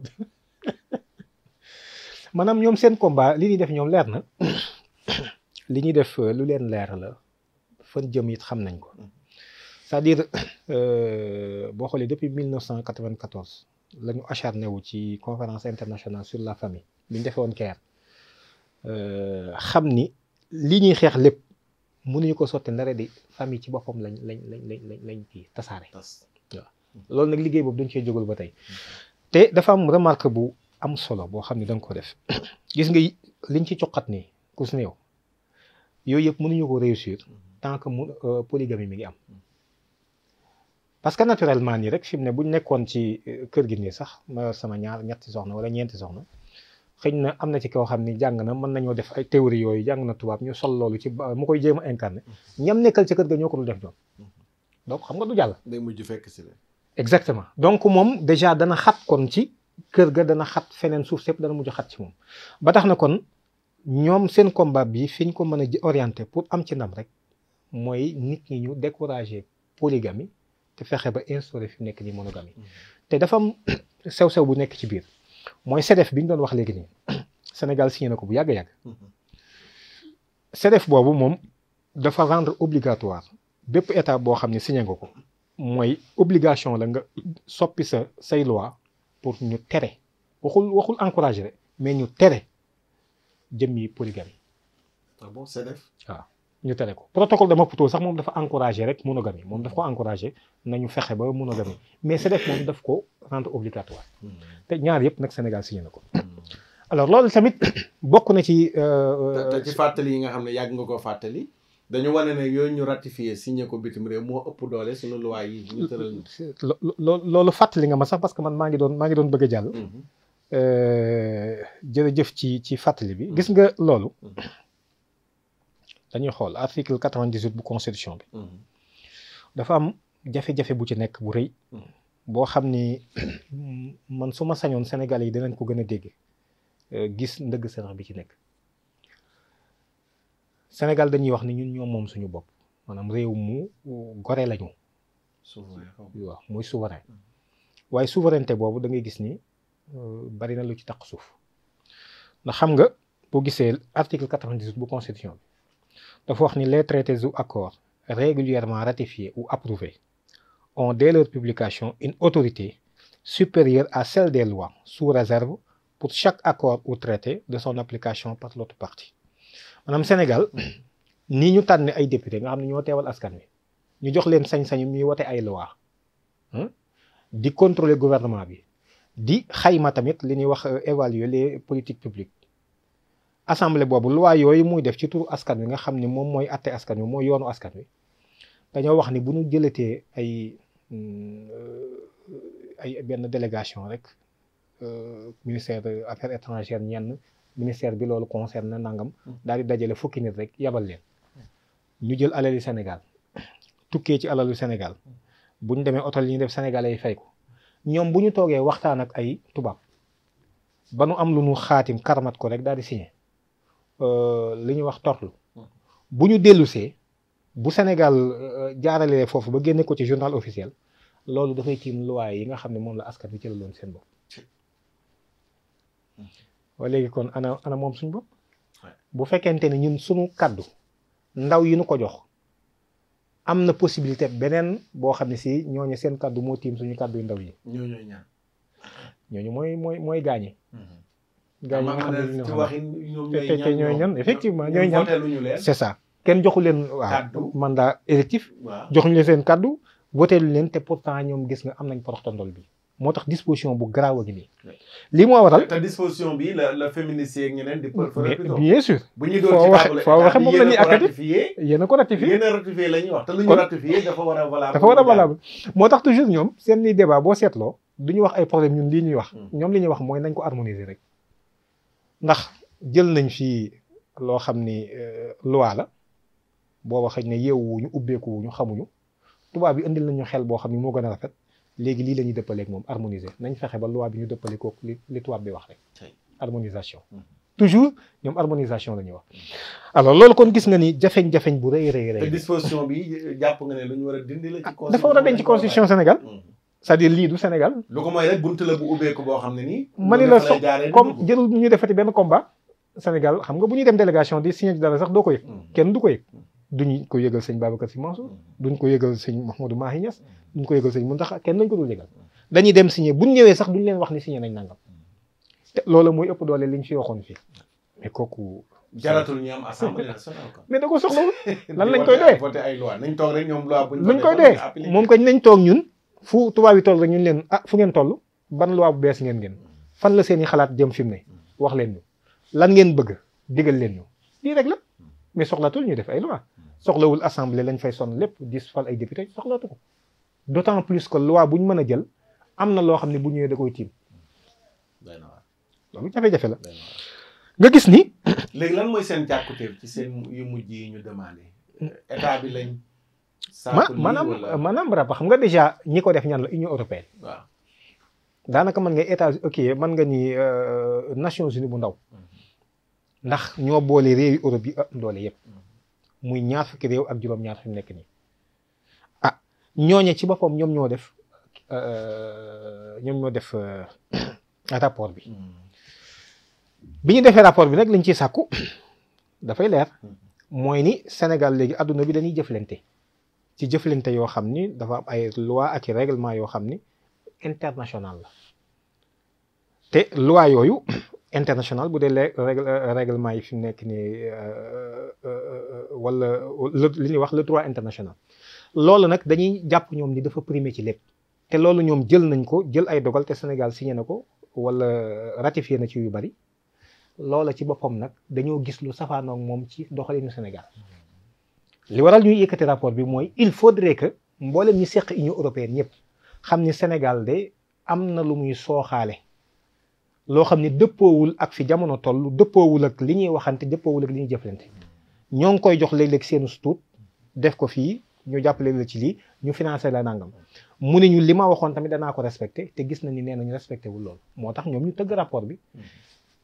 maanaam ñoom seen combat li def ñoom leer na li ñuy def euh, lu leen leer la fan jëm it xam nañ ko mm-hmm. c'est-à-dire euh, boo xoolee depuis 1994 la ñu acharné wu ci conférence internationale sur la famille bi ñu defee woon Caire euh, xam ni li ñuy xeex lépp mënuñu ko sotti ndare di famille ci boppam lañ lañ lañ lañ lañ kii tasaare. waaw loolu nag liggéey boobu dañ cee jógal ba tey mm-hmm. te dafa am remarque bu am solo boo xam ne da nga ko def gis nga liñ ci coqat nii ku si néew yooyu yëpp mënuñu ko réussir mm-hmm. tant que mu euh, polygamie mi ngi am parce que naturellement nii rek fi mu ne bu ñu nekkoon ci euh, kër gi nii sax ma sama ñaar ñetti soxna wala ñeenti soxna xëy na am na ci koo xam ni jàng na mën nañoo def ay théorie yooyu jàng na tubaab ñu sol loolu ci mu koy jéem a incarné mm-hmm. ñam nekkal ci kër ga ñoo ko dul def ñoom mm-hmm. donc xam nga du jàll. day mujj fekk si la. exactement donc moom déjà dana xat kon ci kër ga dana xat feneen suuf sépp dana mujj xat ci moom ba tax na kon. ñoom seen combat bi fi ñu ko mën a orienté pour am ci ndam rek mooy nit ñi ñu découragé polygamie te fexe ba instauré fi mu nekk nii monogamie mm-hmm. te dafa am sew-sew bu nekk ci biir mooy CEDEF bi ñu doon wax léegi nii Sénégal signé na ko bu yàgg-yàgg CEDEF mm-hmm. boobu moom dafa rendre obligatoire bépp état boo xam ne signé nga ko mooy obligation la nga soppi sa say loi pour ñu tere waxul waxul encouragé rek mais ñu tere jëmmi polygamie. ah bon CEDEF. waaw ah. ñu tere ko protocole de Maputo sax moom dafa encouragé rek monogamie moom daf ko encouragé nañu fexe ba monogamie mais CEDEF moom daf ko rendre obligatoire. Hmm. te ñaar yëpp nag Sénégal signé ne ko. alors loolu tamit bokk na ci. Euh, euh, te ci fàttali yi nga xam ne yàgg nga ko fàttali. dañu wane ne yooyu ñu ratifié signé ko bitim réew moo ëpp doole suñu loi yi ñu tëral. loolu fàttali nga ma sax parce que man maa ngi doon maa ngi doon bëgg a jàll. Hmm. Eh, jërëjëf ci ci fàttali bi gis mm-hmm. nga loolu mm-hmm. dañuy xool article quatre vingt bu constitution bi mm-hmm. dafa am jafe-jafe bu ci nekk bu rëy boo xam ni man suma sañoon Sénégal yi dinañ ko gën a dégg eh, gis ndëgg sërëx bi ci nekk Sénégal dañuy wax ni ñun ñoo moom suñu bopp maanaam réew mu gore lañu waaw muy souverain waaye souveraineté boobu da ngay gis ni bari na lu ci taq suuf ndax xam nga boo gisee article quatre-vingt-dix-huit bu constitution bi dafa wax ni les traités ou accords régulièrement ratifiés ou approuvés ont de leur publication une autorité supérieure à celle des lois sous réserve pour chaque accord ou traité de son application par l'autre partie maanaam Sénégal nii ñu tànn ay député nga xam ne ñoo teewal askan wi ñu jox leen sañ-sañu ñuy wote ay loi hmm, di contrôler gouvernement bi di xayma tamit li ñuy wax euh, évaluer les politiques publiques assemblée boobu loi yooyu muy def ci turu askan bi nga xam ni moom mooy atte askan bi mooy yoonu askan wi dañoo wax ni bu ñu jëlatee ay euh, ay benn délégation rek euh, ministère affaires étrangères ñenn ministère bi loolu concerne nangam daal di dajale fukki nit rek yabal leen ñu jël alali Sénégal tukkee ci alalu Sénégal bu ñu demee oto li ñuy def sénégalais yi fay ko ñoom bu ñu toogee waxtaan ak ay tubaab ba nu am lu ñu xaatim karamat ko rek daal di signé euh, li ñuy wax torlu bu ñu dellusee bu Sénégal euh, jaaralee foofu ba génne ko ci journal officiel loolu dafay tiim luwaay yi nga xam ne moom la askan bi jëlaloon seen bopp. waa léegi kon ana ana moom suñ bopp. bu fekkente ne ñun suñu kàddu ndaw yi nu ko jox. am na possibilité beneen boo xam ne si ñooñu seen kàddu moo tiim suñu kàddu yu ndaw yi. ñooñu ñaan ñooñu mooy mooy mooy gaañi. Mhm. gaañi nga xam ne ci waxin ñoom ñooy ñan ñooy ñan effectivement ñooy ñan c'est ça. kenn joxu leen waaw mandat électif. joxuñu leen seen kàddu voteelu leen te pourtant ñoom gis nga am nañ poroxtondol bi. moo tax disposition bu garaaw ak nii. lii moo waral te disposition bi la la féministe bu ñuy doon ci table foo waxe moom la ñuy akkati yéen a ko ratifié yéen a ratifié wax te lu ñu ratifié dafa war a valable. a moo tax toujours ñoom seen i débat boo seetloo du ñu wax ay problème ñun lii ñuy wax. Hmm. ñoom li ñuy wax mooy nañ ko harmoniser rek. ndax jël nañ fii loo xam ni euh, loi la booba xëy na yeewuwuñu ubbeeku wuñu xamuñu tubaab bi indi nañu xel boo xam ni moo gën a rafet. léegi lii la ñuy moom harmoniser nañ fexe ba loi bi ñu dëppale kook li li bi wax rek harmonisation mm-hmm. toujours ñoom harmonisation la ñuy wax alors loolu kon gis nga ni jafeñ-jafeñ bu rëy rëy rëy bi jàpp nga ne lu ñu war a dindi la ci ah, dafa war a denc ci constitution Sénégal mm-hmm. c'est-à-dire lii du Sénégal lu ko mooy rek bunt la bu ubbeeku boo xam ne nii ma ni la so comme jërul ñu defati benn combat Sénégal xam nga bu ñuy dem délégation di signé dara sax doo ko yëg mm-hmm. kenn du ko yëg duñ ko yëgal sëñ Babacar Sy Mansour mm-hmm. duñ ko yëgal sëñ Mouhamadou Mahi Niass mm-hmm. duñ ko yëgal sëñ Mountakha kenn lañ ko dul yëgal mm-hmm. dañuy dem signé buñ ñëwee sax duñ leen wax ni siñe nañ nangam te loolu mooy ëpp doole liñ fi waxoon fii mais kooku. jaratul ñu am assemblée nationale quoi. mais da ko soxlawul lan lañ koy doyee voté ay loi nañ toog ñoom loi bu ñu koy moom kañ nañ toog ñun fu tubaab yi toll rek ñun leen ah fu ngeen toll ban loi bu bees ngeen ngeen fan la seen i xalaat jëm fi mu wax leen ñu lan ngeen bëgg digal leen ñu lii rek la mais soxlatul ñu def ay loi soxlawul assemblée lañ fay sonn lépp di fal ay député soxlaatu ko d'autant plus ko loi bu ñu mën a jël am na loo xam ne bu ñëwee da koy tiim loolu jafe-jafe la nga gis ni. léegi lan mooy seen jàkkuteef ci seen yu mujj yi ñu demandé état bi lañ. saako lii wala maanaam xam nga déjà ñi ko def ñan la Union européenne. waaw daanaka mën nga état ok mën nga ni euh, Nations Unies bu ndaw. Mm-hmm. ndax ñoo boole réewi Europe yi doole yëpp. Mm-hmm. muy ñaar fukki réew ak juróom-ñaar fi mu nekk nii ah ñooñe ci boppam ñoom ñoo def euh, ñoom ñoo def euh, rapport bi hmm. bi ñu defee rapport bi nag liñ ciy sàkku dafay leer hmm. mooy ni Sénégal léegi adduna bi dañuy jëflante ci jëflante yoo xam ni dafa am ay loi ak i règlement yoo xam ni international la te loi yooyu international bu dee euh, règlement yi fi nekk ni euh, euh, wala lu ñuy wax le droit international loolu nag dañuy jàpp ñoom ni dafa primé ci lekk te loolu ñoom jël nañ ko jël ay dogal te Sénégal signé na ko wala ratifié na ci yu bari loola ci boppam nag dañoo gis lu safaanoog moom ci doxalinu Sénégal li waral ñuy yëkkati rapport bi mooy il faudrait que mboolem ñi seq Union européenne ñëpp xam ni Sénégal de am na lu muy sooxaale. loo xam ne dëppoowul ak fi jamono tollu dëppoowul ak li ñuy waxante dëppoowul ak li ñuy jëflante ñoo ngi koy jox léeg-léeg seenu stuut def ko fii ñu jàppale ci lii ñu financé la nangam mu ne ñu li ma waxoon tamit danaa ko respecté te gis na ni nee nañu respecté wul loolu moo tax ñoom ñu tëgg rapport bi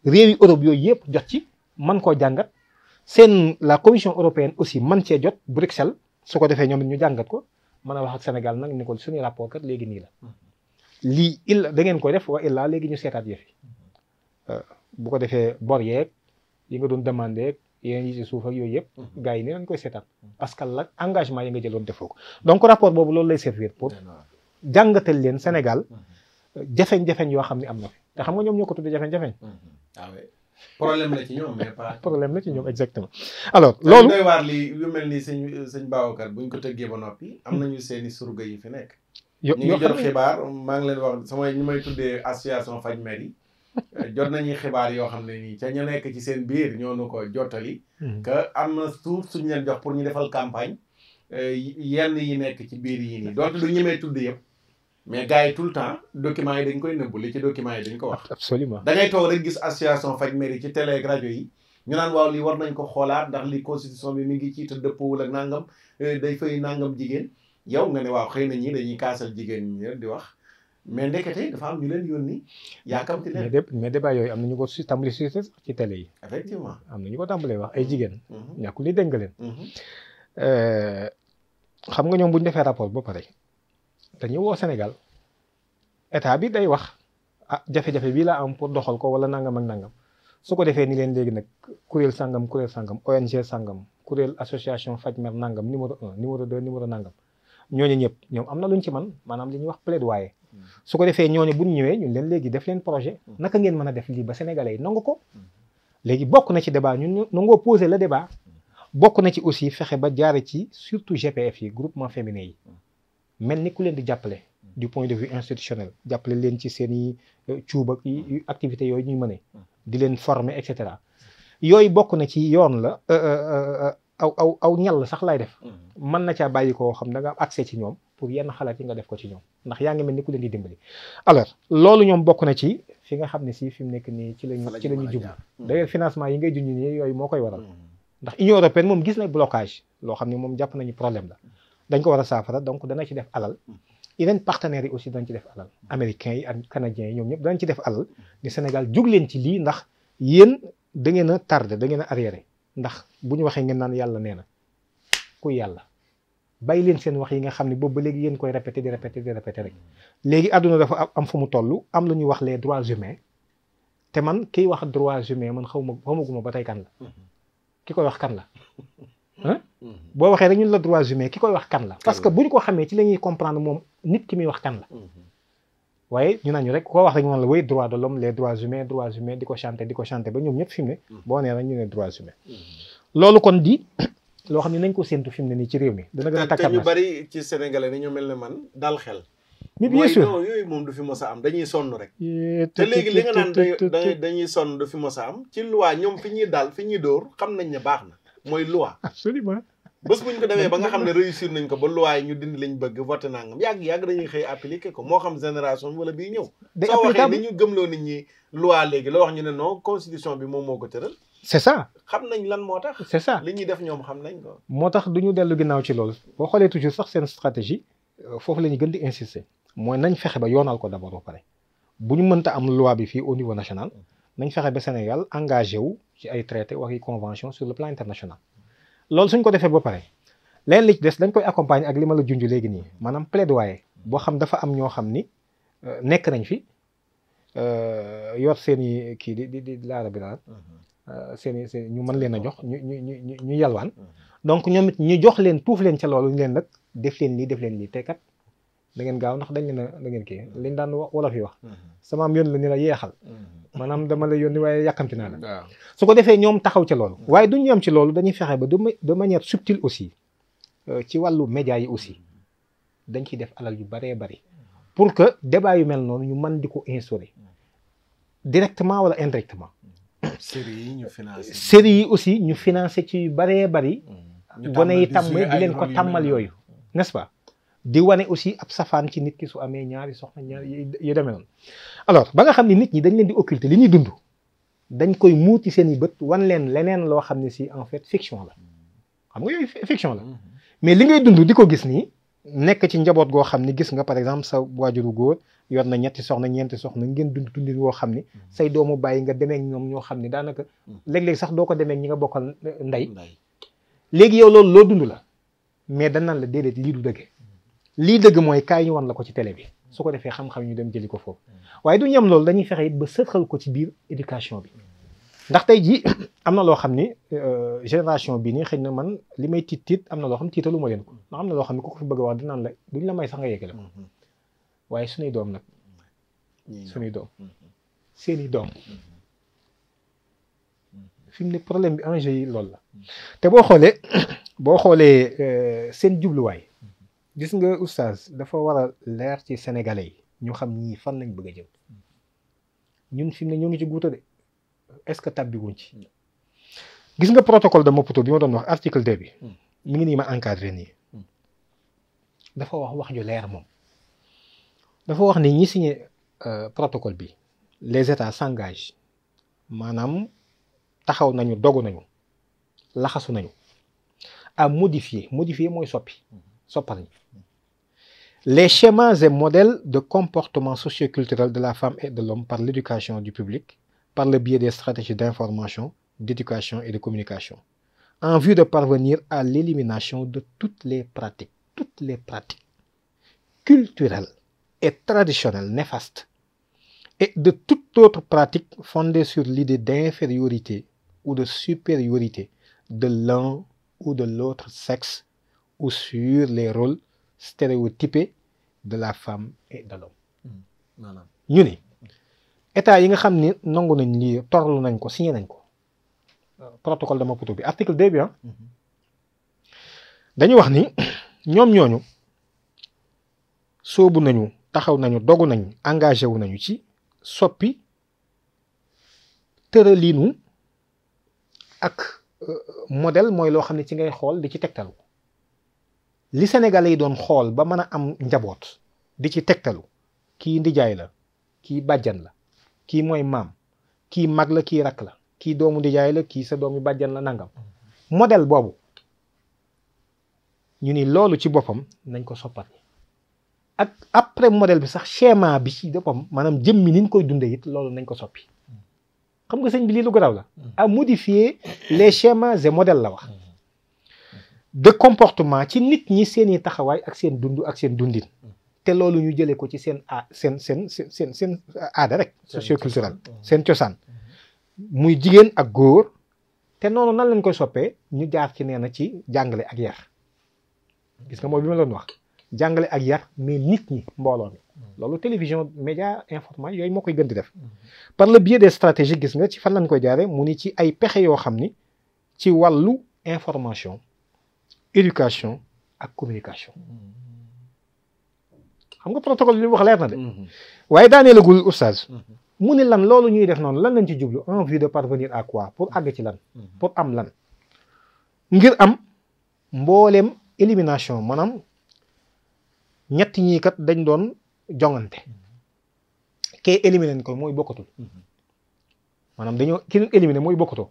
réewi Europe yooyu yëpp jot ci man koo jàngat seen la commission européenne aussi man cee jot Bruxelles su ko defee ñoom ñu jàngat ko mën a wax ak Sénégal nag ni ko suñuy rapport kat léegi nii la lii illa da ngeen koy def wa illa léegi ñu seetaat yëf hmm. euh, bu ko defee bor yeeg yi nga doon demandé yeneen yi ci suuf ak yooyu yëpp hmm. gars yi ne nañ koy seetaat parce hmm. la engagement yi nga jëloon defoo ko donc rapport boobu loolu lay servir pour jàngatal leen Sénégal jafeñ-jafeñ yoo xam ne am na fi te xam nga ñoom ñoo ko tudde jafeñ-jafeñ ah problème la ci ñoom mais pas. la ci ñoom exactement. alors loolu doy waar yu mel ni sañ sëñ Babacar bu ñu ko tëggee ba noppi. am ñu seeni surga yi fi nekk. yo ñu ngi jot xibaar maa ngi leen wax sama ñu may tuddee association fajmer yi jot nañuy xibaar yoo xam ne nii ca ñu nekk ci seen biir ñoo nu ko jottali. ka hmm. am na suuf suñu leen jox pour ñu defal campagne. Eh, yenn yi nekk ci biir yi nii donte du ñemee tudd yëpp. mais gars yi tout le temps document yi dañ koy nëbbu li ci document yi dañ ko wax. absolument da ngay toog rek gis association fajmer yi ci télé rajo yi. ñu naan waaw lii war nañ ko xoolaat ndax li constitution bi mi ngi ci te dëppoowul ak nangam eh, day fay nangam jigéen. yow nga ne waaw xëy na ñii dañuy kaasal jigéen ñi di wax mais ndekete dafa am ñu leen yónni yaakamti leen mais débat yooyu am nañu ko su tàmbali su sax ci télé yi effectivement am nañu ko tàmbalee wax ay jigéen mm-hmm. ñàkkul ni dégg leen mm-hmm. euh, xam nga ñoom bu ñu defee rapport ba pare dañuy woo Sénégal état bi day wax ah jafe-jafe bii laa am pour doxal ko wala nangam ak nangam su ko defee ni leen léegi nag kuréel sangam kuréel sangam ONG sangam kuréel association faj mer nangam numéro un numéro deux numéro nangam ñooñu ñëpp ñoom am na lu ñu ci man maanaam li ñu wax plaidoyer su ko defee ñooñu buñ ñëwee ñun leen léegi def leen projet naka ngeen mën a def lii ba sénégalais yi nangu ko léegi bokk na ci débat ñun nangoo poser la débat bokk na ci aussi fexe ba jaare ci surtout GPF yi groupement féminin yi mel ni ku leen di jàppale du point de vue institutionnel jàppale leen ci seeni i euh, cuub ak activités yooyu ñuy mëne di leen former et cetera yooyu bokk na ci yoon la euh, euh, aw aw aw ñal sax lay def mm. mën na caa bàyyi koo xam da nga am accès ci ñoom pour yenn xalaat yi nga def ko ci ñoom ndax yaa ngi mel ni ku leen di dimbali alors loolu ñoom bokk na ci fi nga xam ne sii fi mu nekk nii ci lañu ci la ñu jublu mm. financement yi ngay junj nii yooyu moo koy waral mm. ndax Union européenne moom gis na blocage loo xam ne moom jàpp nañu problème la dañ ko war a donc dana ci def alal yeneen partenaires yi aussi dañ ci def alal américains yi ak canadiens yi ñoom ñëpp danañ ci def alal ni Sénégal jug ci lii ndax yéen da ngeen a tardé da ngeen a ndax bu ñu waxee ngeen naan yàlla nee na kuy yàlla bàyyi leen seen wax yi nga xam ne boobu ba léegi yéen koy répété di répété di répété rek léegi àdduna dafa am fu mu toll am lu ñuy wax les droits humains te man kiy wax droits humains man xaw ma xamaguma ba tey kan la mm-hmm. ki koy wax kan la mm-hmm. boo waxee rek ñun la droits humains ki koy wax kan la parce que bu ñu ko xamee ci la ñuy comprendre moom nit ki muy wax kan la mm-hmm. waaye ñu naan ñu rek ko wax rek ñu naan la way droit de l'homme les droits humains droits humains di ko chanter di ko chanter ba ñoom ñëpp fi mu ne boo nee ñu ne droits humains mm-hmm. loolu kon di loo xam ne nañ ko séntu fi mu ne nii ci réew mi dana gën a takkat ñu bari ci sénégalais ni ñu mel ne man daal xel mais bien sûr non yooyu moom du fi mos a am dañuy sonn rek te léegi li nga naan dañuy sonn du fi mos a am ci loi ñoom fi ñuy daal fi ñuy dóor xam nañ ne baax na mooy loi absolument bés bu ñu ko demee ba nga xam ne réussir nañ ko ba luwaay ñu dindi lañ bëgg voté nangam yàgg yàgg dañuy xëy appliqué ko moo xam génération bi wala bii ñëw. soo waxee ni ñu gëmloo nit ñi loi léegi la wax ñu ne non constitution bi moom moo ko tëral. c'est ça xam nañ lan moo tax. c'est ça ñuy def ñoom xam nañ ko. moo tax du ñu dellu ginnaaw ci loolu boo xoolee toujours sax seen stratégie euh, foofu la ñu gën di insister mooy nañ fexe ba yoonal ko d'abord ba pare bu ñu mënta am loi bi fii au niveau national nañ fexe ba Sénégal engagé wu ci ay traité wax yi convention sur le loolu suñ ko defee ba pare leen li des dañ koy accompagner ak li ma la junj léegi nii maanaam waaye boo xam dafa am ñoo xam ni euh, nekk nañ fi euh, yor seen i kii di di di laara bi daal euh, seen i ñu mën leen a jox ñu ñu ñu ñu yalwaan mm-hmm. donc ñoom it ñu jox leen tuuf leen ca loolu ñu leen nag def leen lii def leen lii te kat da ngeen gaaw ndax dañ leen a da ngeen kii liñ daan wolof yi wax mhm. sama am yoon la ni la yeexal mhm. maanaam dama la yónni waaye yàkkamti naa la su ko defee ñoom taxaw ci loolu mhm. waaye duñu yem ci loolu dañuy fexe ba de manière subtile aussi euh, ci wàllu média yi aussi dañ ci def alal yu baree bari pour que débat yu mel noonu ñu man di ko instaurer directement wala indirectement série yi ñu financé yi aussi ñu financé ci yu baree bari gone yi tàmm di leen ko tàmmal yooyu nest di wane aussi ab safaan ci nit ki su amee ñaari soxna ñaari yu demee noonu alors ba nga xam ne nit ñi dañ leen di occulter li ñuy dund dañ koy muuti seen i bët wan leen leneen loo xam ne si en fait fiction la xam nga yooyu fiction la mm-hmm. mais li ngay dund di ko gis nii nekk ci njaboot goo xam ne gis nga par exemple sa waajuru góor yor na ñetti soxna ñeenti soxna ngeen dund dundin woo xam ni mm-hmm. say doomu bàyyi nga demee ñoom ñoo xam ne daanaka mm-hmm. léeg-léeg sax doo ko demee ñi nga bokkal eh, ndey léegi yow loolu loo dund la mais dañ naan la déedéet lii du dëgg lii dëgg mooy kaay ñu wan la ko ci télé bi su ko defee xam-xam ñu dem jëli ko foofu waaye du ñu am loolu dañuy fexe it ba sëxal ko ci biir éducation bi ndax tey jii am na loo xam ni euh, génération bi nii xëy na man li may tiit tiit am na loo xam tiitalu ma leen ko ndax am na loo xam ne ku ko fi bëgg a wax dinaan la duñ la may sax nga yeggale ko mm-hmm. waaye suñuy doom nag suñuy doom mm-hmm. seeni doom mm-hmm. fi mu ne problème bi enjeu yi loolu la te boo xoolee boo xoolee euh, seen jubluwaay gis nga oustaz dafa war a leer ci sénégalais yi ñu xam ñii fan nañ bëgg a jëm ñun fi ne ñoo ngi ci guuta de est-ce que tàbbiwuñ ci hmm. gis nga protocole de Maputo bi ma doon wax article deux bi mu hmm. ngi nii ma encadré nii hmm. dafa wax wax ju leer moom dafa wax ni ñi signé euh, protocole bi les états sangage maanaam taxaw nañu dogu nañu laxasu nañu à modifier modifier mooy soppi soppal ñi Les schémas et modèles de comportement socioculturel de la femme et de l'homme par l'éducation du public, par le biais des stratégies d'information, d'éducation et de communication, en vue de parvenir à l'élimination de toutes les pratiques, toutes les pratiques culturelles et traditionnelles néfastes, et de toute autre pratique fondée sur l'idée d'infériorité ou de supériorité de l'un ou de l'autre sexe ou sur les rôles stéréotypé de la femme et de l'homme hmm. ñu ni état yi nga xam ni nangu nañ lii torlu nañ ko signé nañ ko protocole de Maputo bi article deux bi ah. hmm. dañu wax ni ñoom ñooñu soobu nañu taxaw nañu dogu nañ engagé wu nañu ci soppi tëraliinu ak euh, modèle mooy loo xam ne ci ngay xool di ci tegtalu li sénégalais yi doon xool ba mën a am njaboot di ci tegtalu kii ndijaay la kii bàjjan la kii mooy maam kii mag la kii rakk la kii doomu ndijaay la kii sa doomu bàjjan la nangam modèle boobu ñu ni loolu ci boppam nañ ko soppat ak après model bi sax schéma bi ci boppam maanaam jëmmi ni ñu koy dundee it loolu nañ ko soppi xam nga sëñ bi lii lu garaaw la mm. à modifier les schémas et modèles la wax mm. de comportement ci nit ñi seeni taxawaay ak seen dund ak seen dundin te loolu ñu jëlee ko ci seen a seen seen seen seen aada rek socioculturel seen cosaan muy jigéen ak góor te noonu nan lañ koy soppee ñu jaar ci nee na ci jàngale ak yar gis nga mooy bi ma doon wax jàngale ak yar mais nit ñi mbooloon loolu télévision média information yooyu moo koy gën di def par le biais des stratégies gis nga ci fan lañ koy jaare mu ni ci ay pexe yoo xam ni ci wàllu information éducation ak communication mm-hmm. xam nga protocole bi wax leer na de. Mm-hmm. waaye daaneelagul oustaz. Mm-hmm. mu ne lan loolu ñuy def noon lan lañ ci jublu en vue de parvenir a quoi pour àgg ci lan. pour am lan. ngir am mbooleem élimination maanaam ñett ñii kat dañ doon jongante. kee éliminé ko mooy bokkatul. maanaam dañoo ki doon éliminé mooy bokkatoo.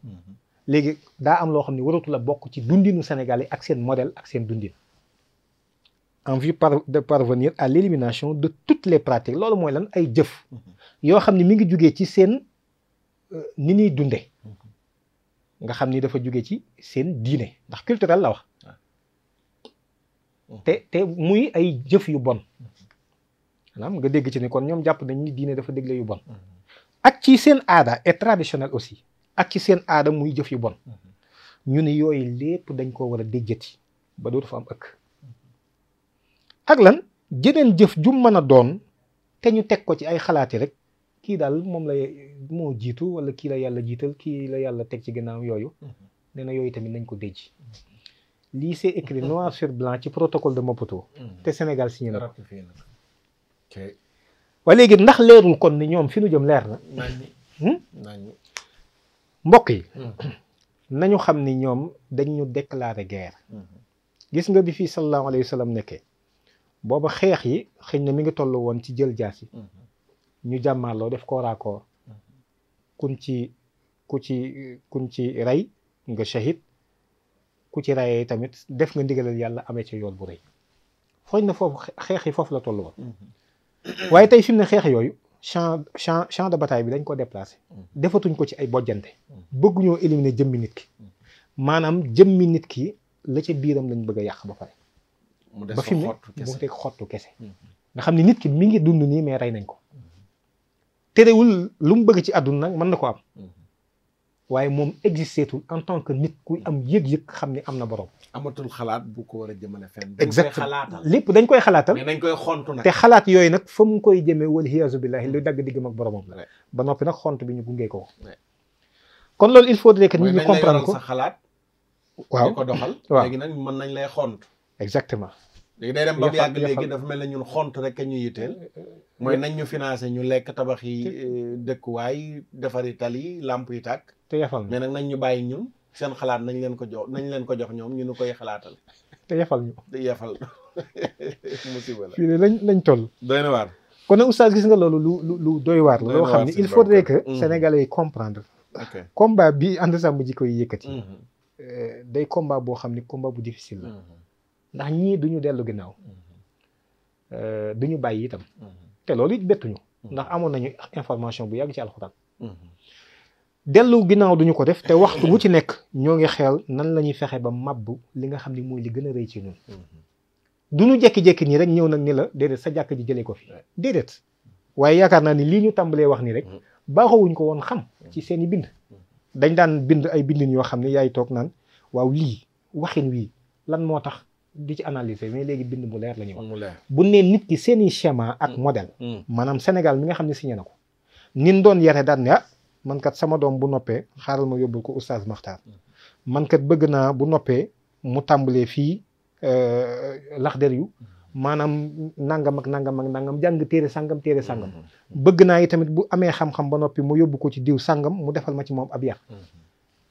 léegi daa am loo xam ne waratu la bokk ci dundinu Sénégalais ak seen modèle ak seen dundin en par de parvenir à l'élimination de toutes les pratiques loolu mooy lan ay jëf yoo xam ne mi ngi jugee ci seen euh, ni ñuy dunde nga xam ni dafa jóge ci seen diine ndax culturel la wax te te muy ay jëf yu bon maanaam nga dégg ci ni kon ñoom jàpp nañ ni diine dafa dégle yu bon ak ci seen aada et traditionnel aussi ak ci seen aadam muy jëf yu bon mhm. ñu ne yooyu lépp dañ ko war a déjjati ba dootu fa am ëkk ak lan jeneen jëf ju mën a doon te ñu teg ko ci ay xalaati rek kii daal moom la moo jiitu wala kii la yàlla jiital kii la yàlla teg ci ginnaaw yooyu mhm. nee yooyu tamit nañ ko déjji lii c'est écrit noir sur blanc ci protocole de Maputo mhm. te Sénégal signé na ko waaye léegi ndax leerul kon ni ñoom fi nu jëm leer na hmm? mbokk yi hmm. nañu xam ni ñoom dañ ñu déclarer guerre hmm. gis nga bi fii sallallahu alayhi wa sallam nekkee booba xeex yi xëñ na mi ngi toll woon ci jël jaas yi hmm. ñu jàmmaarloo def kooraakoor kun ci ku ci kun ci rey nga shahid ku ci rayee tamit def nga ndigalal yàlla amee ci yoon bu rey xooñ na foofu xeex yi foofu la toll woon waaye tey fi ne xeex yooyu champ champ champ de bataille bi dañ koo déplacé mm. defatuñ ko ci ay bojjante mm. bëgguñoo éliminer jëmmi nit ki mm. maanaam jëmmi nit ki la ci biiram lañ bëgg a yàq ba pare ba fi mu ne mu teg xottu kese nga xam ne nit ki mi ngi dund nii mais rey nañ ko terewul lu mu bëgg ci àdduna nag mën na ko am waaye moom existeetul en tant que nit kuy am yëg-yëg xam ni am na borom. amatul xalaat bu ko war a jëmale fenn. exactement lépp dañ koy xalaatal. dañ koy xontu te xalaat yooyu nag fa mu koy jëmee wala hiyaasu billahi lu dagg diggam ak boromam. ba noppi nag xont bi ñu gungee ko. kon loolu il faudrait que nit ñi comprendre ko sa xalaat. waaw ko doxal. waaw léegi nag mën nañ lay xont. exactement. léegi day dem ba mu yàgg léegi dafa mel ne ñun xont rek a ñu yitteel euh, euh, mooy nañ ñu financé ñu lekk tabax yi euh, dëkkuwaay defari tali làmp yi tàkk te yafal mais nañ ñu bàyyi ñun seen xalaat nañ leen ko jox nañ leen ko jox ñoom ñu nu koy xalaatal. te yafal ñu. te yafal musiba la. fii de lañ lañ toll. doy na waar. kon nag oustaz gis nga loolu lu lu lu doy waar la. loo xam ne il faudrait que mm-hmm. sénégalais yi comprendre. ok combat bi ànd sàmm ji koy yëkkati. Mm-hmm. Euh, day combat boo xam ne combat bu difficile la. Mm-hmm. ndax ñii duñu dellu ginnaaw. Euh, duñu bàyyi itam. te loolu it bettuñu. ndax amoon nañu information bu yàgg ci alxuraan. dellu ginnaaw duñu ko def te waxtu wu ci nekk ñoo ngi xeel nan la ñuy fexe ba màbb li nga xam ni mooy li gën a rëy ci ñun mm-hmm. duñu jekki-jekki nii rek ñëw nag ni la déedéet sa jàkk ji jëlee ko fi déedéet waaye yaakaar naa ni lii ñu tàmbalee wax ni rek mm-hmm. baaxawuñ ko woon xam mm-hmm. ci seeni bind dañ daan bind ay bindin yoo xam ne yaay toog naan waaw lii waxin wii lan moo tax di ci analyser mais léegi bind mu leer la ñuy wax bu nee nit ki seeni schéma ak modèle maanaam Sénégal mi nga xam ne signé na ko doon yare daan ne ah, man sama doom bu noppee xaaral ma yóbbul ko oustaz Maxtaar man kat bëgg naa bu noppee mu tàmbalee fii euh, laxder yu maanaam nangam ak nangam ak nangam jàng téere sangam téere sangam bëgg naa yi tamit bu amee xam-xam ba noppi mu yóbbu ko ci diw sangam mu defal ma ci moom ab yar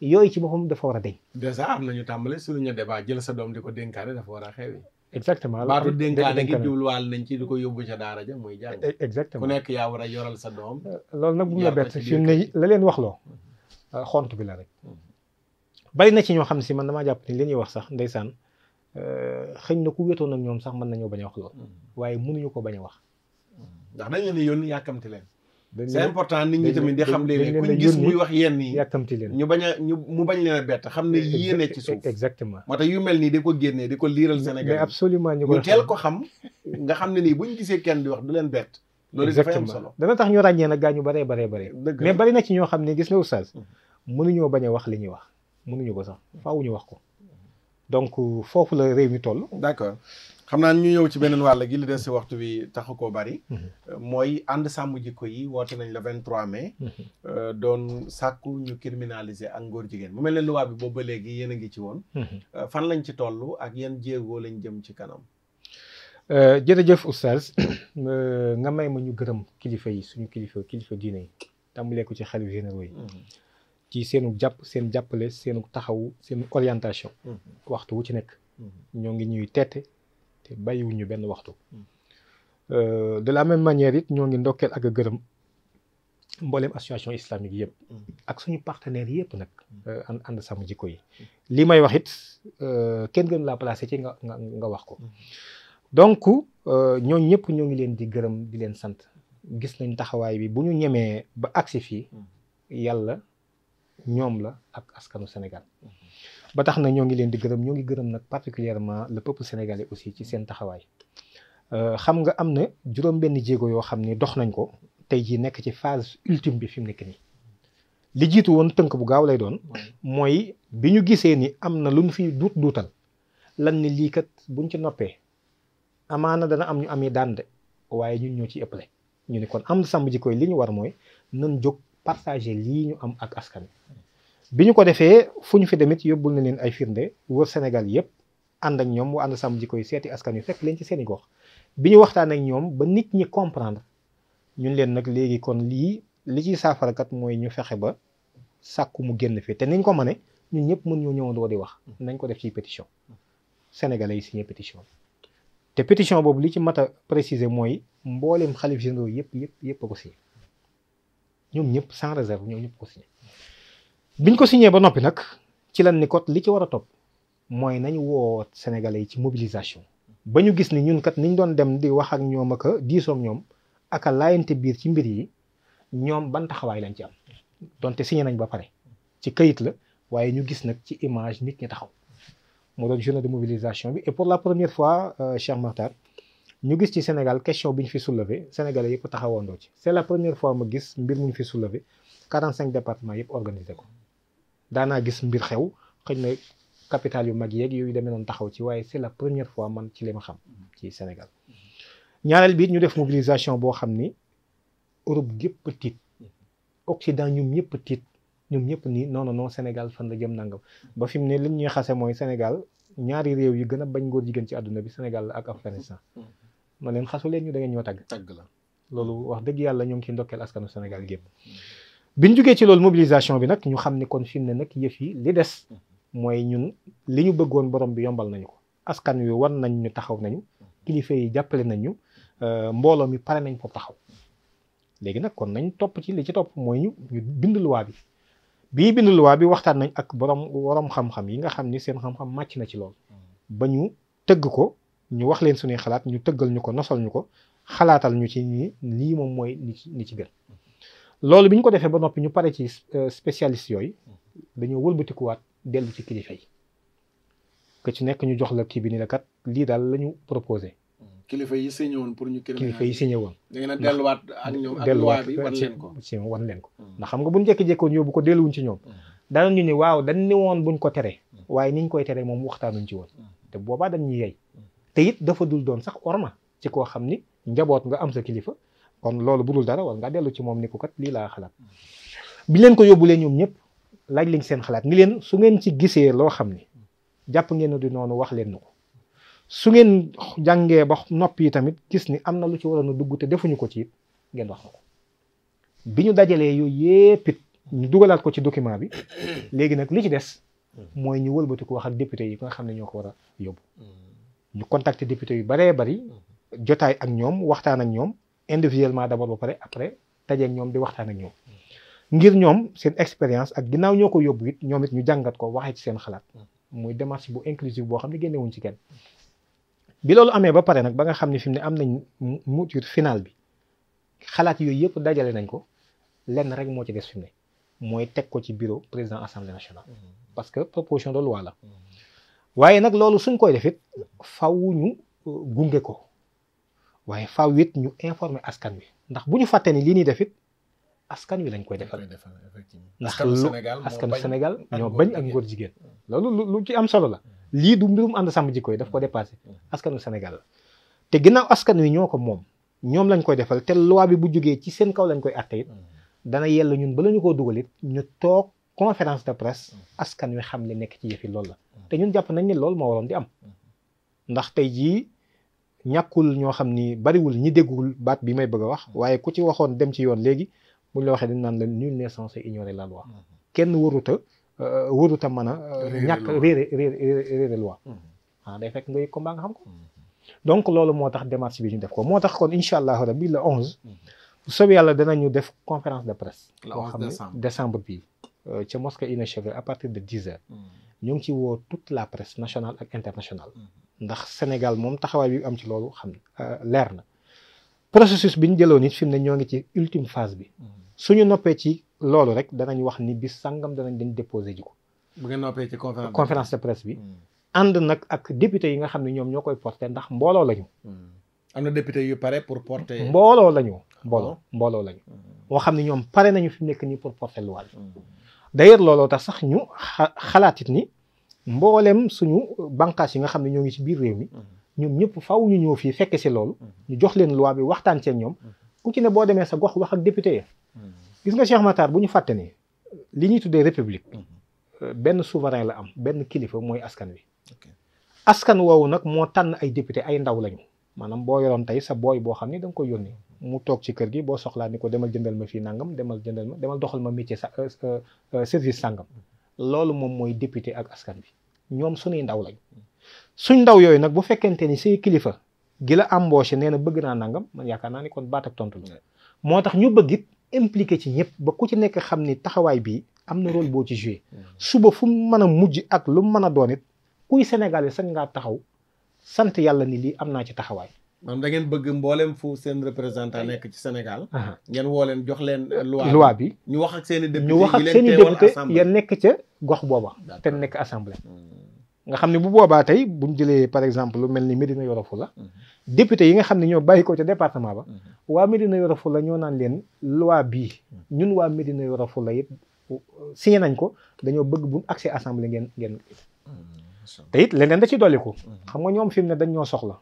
yooyu ci boppam dafa war a deñ. dèjà am na ñu tàmbali suñu débat jël sa doom di ko dénkaane dafa war a xewi. exactement baatu dénkaane gi jubluwaal nañ ci di ko yóbbu ca daara ja muy jàng e-, nekk yaa war a sa doom euh, loolu nag bu mu la bett fi ne la leen wax loo mm-hmm. euh, xont bi la rek mm-hmm. bari na ci ñoo xam ne si man damaa jàpp ni li ñuy wax sax ndeysaan euh, xëñ na ku wetoon nag ñoom sax mën nañoo bañ a wax lool mm-hmm. waaye mënuñu ko bañ a wax ndax dañ leen yónni yàkkamti leen c'est important nit ñi tamit di xam léegi kuñ gis muy wax yenn yi yàkkamti leen ñu bañ a mu bañ leen a bett xam ne yéene ci suuf exactement moo tax yu mel nii di ko génnee di ko liiral Sénégal mais absolument ñu ko teel xam nga xam ne nii buñ gisee kenn di wax du leen bett loolu dafay am solo dana tax ñu ràññee nag gaa ñu baree baree baree mais bari na ci ñoo xam ne gis nga oustaz mm-hmm. mënuñoo bañ a wax li ñuy wax mënuñu ko sax faaw ñu wax ko donc foofu la réew mi toll d'accord xam naa ñu ñëw ci beneen wàll gi li des si waxtu bi taxu koo bari. Mhm. mooy ànd sàmm jikko yi woote nañ la le 23 mai. Mhm. Euh, doon sàkku ñu criminaliser ak ngóor jigéen mu mel ne luwaa bi boobu ba léegi yéen ngi ci woon. Mhm. Euh, fan lañ ci toll ak yan jéegoo lañ jëm ci kanam. Euh, jërëjëf oustaz nga may ma ñu gërëm kilifa yi suñu kilifa kilifa diine yi tàmbalee ko ci xalifa généraux yi. ci seenu jàpp seen jàppale seenu taxawu seen orientation. waxtu wu ci nekk. ñoo ngi ñuy teete. te bàyyiwuñu benn waxtu. Hmm. Euh, de la même manière it ñoo ngi ndokkeel ak gërëm mboolem association islamique yëpp. Hmm. ak suñu partenaire yëpp nag. Hmm. Euh, ànd sama jikko yi. li may wax it euh, kenn gën laa placé ci nga nga nga wax ko. donc ñooñ ñëpp ñoo ngi leen di gërëm di leen sant gis nañ taxawaay bi bu ñu ñemee ba agsi fii yàlla ñoom la ak askanu Sénégal. ba tax na ñoo ngi leen di gërëm ñoo ngi gërëm nag particulièrement le peuple sénégalais aussi ci seen taxawaay euh, xam nga am na juróom-benn jéego yoo xam ni dox nañ ko tey jii nekk ci phase ultime bi fi mu nekk nii li jiitu woon tënk bu gaaw lay doon mooy bi ñu gisee ni am na lu ñu fi duut duutal lan ni lii kat buñ ci noppee amaana dana am ñu ami daan de waaye ñun ñoo ci ëppale ñu ne kon am sàmm ji koy li ñu war mooy nan jóg partager lii ñu am ak askan bi ñu ko defee fu ñu fi demit yóbbul na leen ay firnde wër Sénégal yëpp ànd ak ñoom mu ànd sàmm ji koy seeti askan yu fekk leen ci seeni gox bi ñu waxtaan ak ñoom ba nit ñi comprendre ñun leen nag léegi kon lii li ciy saafarakat mooy ñu fexe ba sàkku mu génn fi te niñ ko mëne ñun ñëpp mën ñoo ñëwandoo di wax nañ ko def ci pétition sénégalais yi signé pétition te pétition boobu li ci mat a préciser mooy mbooleem xalif généraux yëpp yëpp yëpp ko si ñoom ñëpp sans réserve ñoom ñëpp ko biñ ko signé ba noppi nag ci lan ni kot li ci war a topp mooy nañ woo sénégalais yi ci mobilisation ba ñu gis ni ñun kat ni ñu doon dem di wax ak ñoom ak a ñoom ak laayante biir ci mbir yi ñoom ban taxawaay lañ ci am donte signé nañ ba pare ci kayit la waaye ñu gis nag ci image nit ñu taxaw moo doon journée de mobilisation bi et pour la première fois euh, Cheikh Makhtar ñu gis ci Sénégal question bi ñu fi soulevé sénégalais yëpp taxawoondoo ci c'est la première fois ma gis mbir mu ñu fi soulevé 45 départements yëpp organisé ko daanaa gis mbir xew xëñ na capital yu mag yeeg yooyu deme noonu taxaw ci waaye c'est la première fois man ci li ma xam ci senegal ñaareel bi ñu def mobilisation boo xam ni Europe gépp tiit Occident ñoom ñëpp tiit ñoom ñëpp nii non non non Sénégal fan la jëm nangam ba fi mu ne liñ ñuy xase mooy Sénégal ñaari réew yi gën a bañ góor jigéen ci àdduna bi Sénégal ak Afghanistan ma leen xasu leen ñu da ñoo tàgg. la loolu wax dëgg yàlla ñoo ngi ciy ndokkeel askanu Sénégal biñ jógee ci loolu mobilisation bi nag ñu xam ne kon fi ne nag yëf yi li des mooy ñun li ñu bëggoon borom bi yombal nañu ko askan wi war nañ ñu taxaw nañu kilifa yi jàppale nañu euh, mbooloo mi pare nañ pour taxaw léegi nag kon nañ topp ci li ci topp mooy ñu ñu bind luwaa bi bii bind luwaa bi waxtaan nañ ak borom borom xam-xam yi nga xam ni seen xam-xam màcc na ci lool ba ñu tëgg ko ñu wax leen suñuy xalaat ñu tëggal ñu ko nosal ñu ko xalaatal ñu ci ni lii moom mooy ni ci ni ci gën loolu bi ñu ko defee ba noppi ñu pare ci euh, spécialiste yooyu dañoo wëlbatikuwaat dellu ci kilifa yi que ci nekk ñu jox la kii bi ni la kat lii daal la ñu proposé. kilifa yi signé woon pour ñu. kilifa yi signé woon. da ngeen delluwaat ak ñoom ak loi bi ko ci wan leen ko. Mm. ndax xam bu ñu jékki-jékkoon yóbbu ko delluwuñ ci ñoom. Mm. danañ ñu ne waaw dañ ne woon buñ ko teree mm. waaye niñ koy teree moom waxtaanuñ ci woon. te boobaa dañ ñu yey. te it dafa dul doon sax orma ci koo xam ni njaboot nga am sa kilifa kon loolu budul dara war nga dellu ci moom ni ko kat lii laa xalaat bi leen ko yóbbulee ñoom ñëpp laaj liñ seen xalaat ni leen su ngeen ci gisee loo xam ni jàpp ngeen di noonu wax leen na ko su ngeen jàngee ba noppi yi tamit gis ni am na lu ci waroon a dugg te defuñu ko ci it ngeen wax na ko bi ñu dajalee yooyu yépp ñu dugalaat ko ci document bi léegi nag li ci des hmm. mooy ñu wëlbati ko wax ak député yi nga xam ne ñoo ko war a yóbbu hmm. ñu contacté député yu baree bari hmm. jotaay ak ñoom waxtaan ak ñoom individuellement d'abord ba pare après tajeeg ñoom di waxtaan ak ñoom ngir ñoom seen expérience ak ginnaaw ñoo ko yóbbu it ñoom it ñu jàngat ko waxee ci seen xalaat muy démarche bu inclusive boo xam ne génnewuñ ci kenn bi loolu amee ba pare nag ba nga xam ne fi mu ne am mu mouture finale bi xalaat yooyu yëpp dajale nañ ko lenn rek moo ci des fi ne mooy teg ko ci bureau président assemblée nationale mm-hmm. parce que proposition de loi la waaye nag loolu suñ koy defit faw euh, gunge ko waaye faaw it ñu informer askan wi ndax bu ñu fàtte ni lii ñuy def it askan wi lañ koy defal ndax lu askanu Sénégal ñoo bañ ak ngóor jigéen loolu lu ci am solo la mm. lii du mbirum ànd sàmm jikko yi daf ko mm. dépassé mm. askanu Sénégal la te ginnaaw askan wi ñoo ko moom ñoom lañ koy defal te loi bi bu jógee ci seen kaw lañ koy atte it dana yell ñun bala ñu koo dugal it ñu toog conférence de presse askan wi xam ne nekk ci yëfi loolu la te ñun jàpp nañ ne ñàkkul ñoo xam ni bariwul ñi déggul baat bi may bëgg a wax mm-hmm. waaye ku ci waxoon dem ci yoon léegi buñ la waxee dañ naan la nul n'est censé ignorer la loi mm-hmm. kenn waruta euh, waruta mën a euh, ñàkk réere réere loi mm-hmm. ah day fekk ngay combat nga xam ko donc loolu moo tax démarche bi ñu def ko moo tax kon incha allah rabi le onze bu soobee dana ñu def conférence de presse boo xam ne décembre bi euh, ca mosquée Ina Chevre à partir de dix heures ngi ci woo toute la presse nationale ak internationale ndax Sénégal moom taxawaay bi am ci loolu xam euh, leer na processus bi ñu jëloo it fi mu ne ñoo ngi ci ultime phase bi mm-hmm. suñu noppee ci loolu rek danañ wax ni bi sangam danañ dañ déposé ji ko. bu ngeen noppee ci conférence conférence de presse bi. Mm-hmm. ànd nag ak député yi nga xam ne ñoom ñoo koy porté ndax mbooloo lañu. Mm-hmm. am na député yu pare pour porter. mbooloo lañu. Ah, mbooloo mbooloo lañu. moo xam ne ñoom pare nañu fi mu nekk nii pour porter loi bi. d'ailleurs looloo tax sax ñu xalaatit ni. mboolem suñu bànqaas yi nga xam ne ñoo ngi ci biir réew mi mhm. ñoom ñëpp faw ñu ñëw fii fekke si loolu mhm. ñu jox leen loi bi waxtaan ceeg ñoom mhm. ku ci ne boo demee sa gox wax ak député ya gis nga Cheikh Matar bu ñu fàtte ni li ñuy tuddee république euh, benn souverain la am benn kilifa mooy askan wi askan woowu nag moo tànn ay député ay ndaw lañu maanaam boo yoroon tey sa booy boo xam ne da nga koy yónni mu toog ci kër gi boo soxlaa ni ko demal jëndal ma fii nangam demal jëndal ma demal doxal ma métier sa euh, euh, service sàngam loolu moom mooy député ak askan bi ñoom suñuy ndaw lañ suñ ndaw yooyu nag bu fekkente ni say kilifa gi la embauché nee na bëgg naa nangam man yaakaar naa ni kon baat ak tontu la moo tax ñu bëgg it impliqué ci ñëpp ba ku ci nekk xam ni taxawaay bii am na role boo ci joué suba fu mu mën a mujj ak lu mu mën a doon it kuy Sénégalais sañ ngaa taxaw sant yàlla ni lii am naa ci taxawaay maanaam da ngeen bëgg mboolem fu seen représentant nekk ci Sénégal. ngeen woo leen jox leen. Euh, loi bi ñu wax ak seen i député ñu wax ak seen i député ya nekk ca gox booba. te nekk assemblée. Hmm. nga xam ne bu boobaa tey bu ñu jëlee par exemple lu mel ni Médina Yoro Foulah hmm. la. député yi nga xam ne ñoo bàyyi ko ca département ba. Hmm. waa Médina Yoro Foulah la ñoo naan leen loi bii ñun waa Médina Yoro Foulah la it euh, signé nañ ko dañoo bëgg bu accès assemblée ngeen ngeen. te it leneen da ci ko xam nga ñoom fi mu ne dañ ñoo soxla.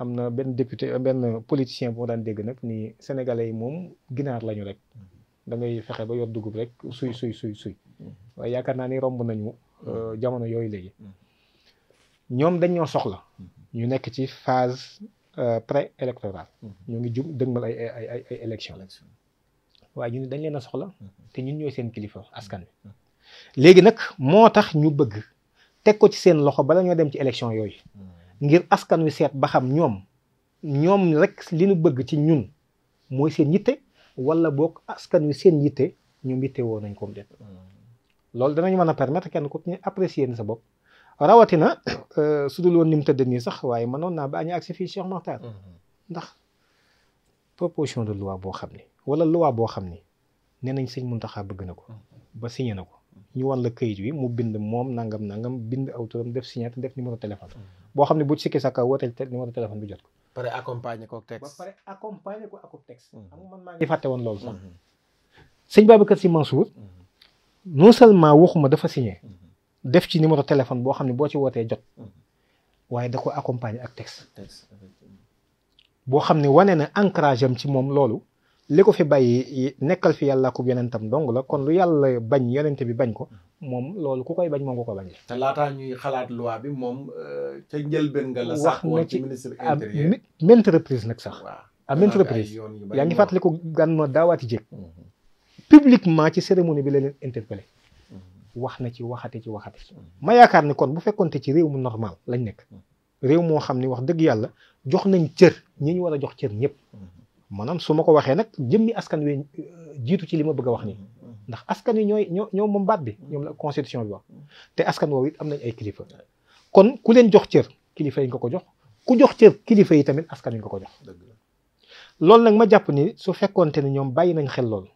am na benn député benn politicien boo daan dégg nag ni sénégalais yi moom ginaar lañu rek da fexe ba yor dugub rek suy suy suy suy waaye yaakaar naa ni romb nañu mm-hmm. euh, jamono yooyu léegi mm-hmm. ñoom dañ soxla mm-hmm. ñu nekk ci phase euh, pré électorale ñu ngi jub dëgmal ay ay ay ay élection waaye ñu ne dañ leen a soxla te ñu ñëwee seen kilifa askan wi léegi nag moo tax ñu bëgg teg ko ci seen loxo bala ñoo dem ci élection yooyu ngir askan wi seet ba xam ñoom ñoom rek li ñu bëgg ci ñun mooy seen yitte wala boog askan wi seen yitte ñoom yitte woo nañ ko déet loolu danañ mën a permettre kenn ku ñu apprécier ni sa bopp rawatina euh, su dul woon ni mu tëdd nii sax waaye mënoon naa ba añu agsi fii Cheikh Makhtar mm-hmm. ndax proposition de loi boo xam ne wala loi boo xam ni nee nañ sëñ Muntaxa bëgg na ko mm-hmm. ba signé na ko ñu wan la kayit wi mu bind moom nangam nangam bind aw turam def signature def numéro téléphone. Mm. boo xam ne bu sikki sàkka wooteel numéro téléphone bi jot ko. ba pare accompagner ko ak texte. ba ko ak texte. xam nga man fàtte woon loolu sax. Mm-hmm. sëñ Babacar Sy Mansour. Mm-hmm. non seulement waxuma dafa signé. Mm-hmm. def ci numéro téléphone boo xam ne boo ci wootee jot. waaye da ko accompagner ak texte. boo xam ne wane na ancrage am ci moom loolu. li ko fi bàyyi nekkal fi yàlla ko yonentam dong la kon lu yàlla bañ yonente bi bañ ko moom loolu ku koy bañ moom ko ko bañ laataa ñuy xalaat loi bi moom euh, ca njëlbeen la sax wax na ci ministre nag sax à maintes reprises yaa ngi fàttaliku gan ma daawaati jéeg mhm. publiquement ci cérémonie bi la leen mhm. wax na ci waxate ci waxate ma yaakaar ni kon bu fekkoonte ci réew mu normal lañ nekk mhm. réew moo xam ni wax dëgg yàlla jox nañ cër ñi ñu war a jox cër ñëpp maanaam su ma ko waxee nag jëmmi askan wi euh, jiitu ci li ma bëgg a wax nii ndax askan wi ñooy ñoo ñoo moom baat bi ñoom la constitution bi wax te askan woowu it am nañ ay kilifa kon ku leen jox cër kilifa yi nga ko jox ku jox cër kilifa yi tamit askan wi nga ko jox loolu nag ma jàpp ni su fekkoonte ni ñoom bàyyi nañ xel loolu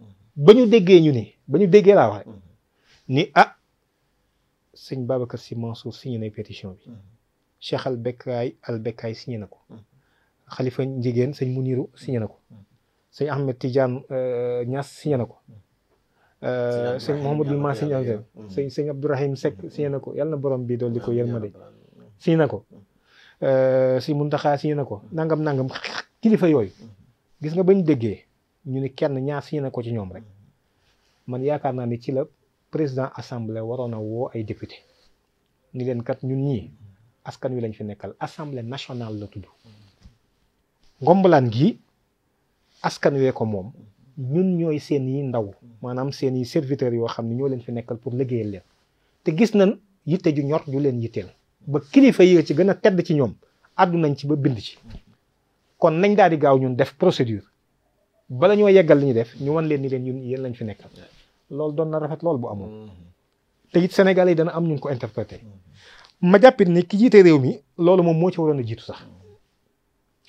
ba ñu déggee ñu ne ba ñu déggee laa waxe ni ah sëñ Babacar Sy Mansour signé na pétition bi mm-hmm. Cheikh Albekaay Albekaay signé na ko mm-hmm. xalifa njigéen sëñ Muniru signé na ko mm. sëñ Ahmed Tidiane ñas euh, signé na ko mm. euh, sëñ Mouhamadul Ma signé na ko sëñ sëñ Abdourahim Seck mm. na ko yàlla na borom bi dool di ko yërmande signé na ko euh, sëñ Muntaxa signé na ko nangam nangam kilifa yooyu gis nga bañ déggee ñu ni kenn ñaar signé na ko ci ñoom rek man yaakaar naa ni ci la président assemblée waroon a woo ay député ni leen kat ñun ñii askan wi lañ fi nekkal assemblée nationale la tudd ngombalaan gi askan wee ko moom ñun ñooy seen yi ndaw maanaam seen yi serviteurs yoo xam ne ñoo leen fi nekkal pour liggéeyal leen te gis nañ yitte ju ñor ju leen yitteel ba kilifa yi ci gën a tedd ci ñoom àddu nañ ci ba bind ci kon nañ daal di gaaw ñun def procédure bala ñoo yeggal li ñu def ñu wan leen ni leen ñun yéen lañ fi nekkal lool doon na rafet lool bu amoon te it Sénégal yi dana am ñu ko interprété ma jàppit ni ki jiite réew mi loolu moom moo ci waroon a jiitu sax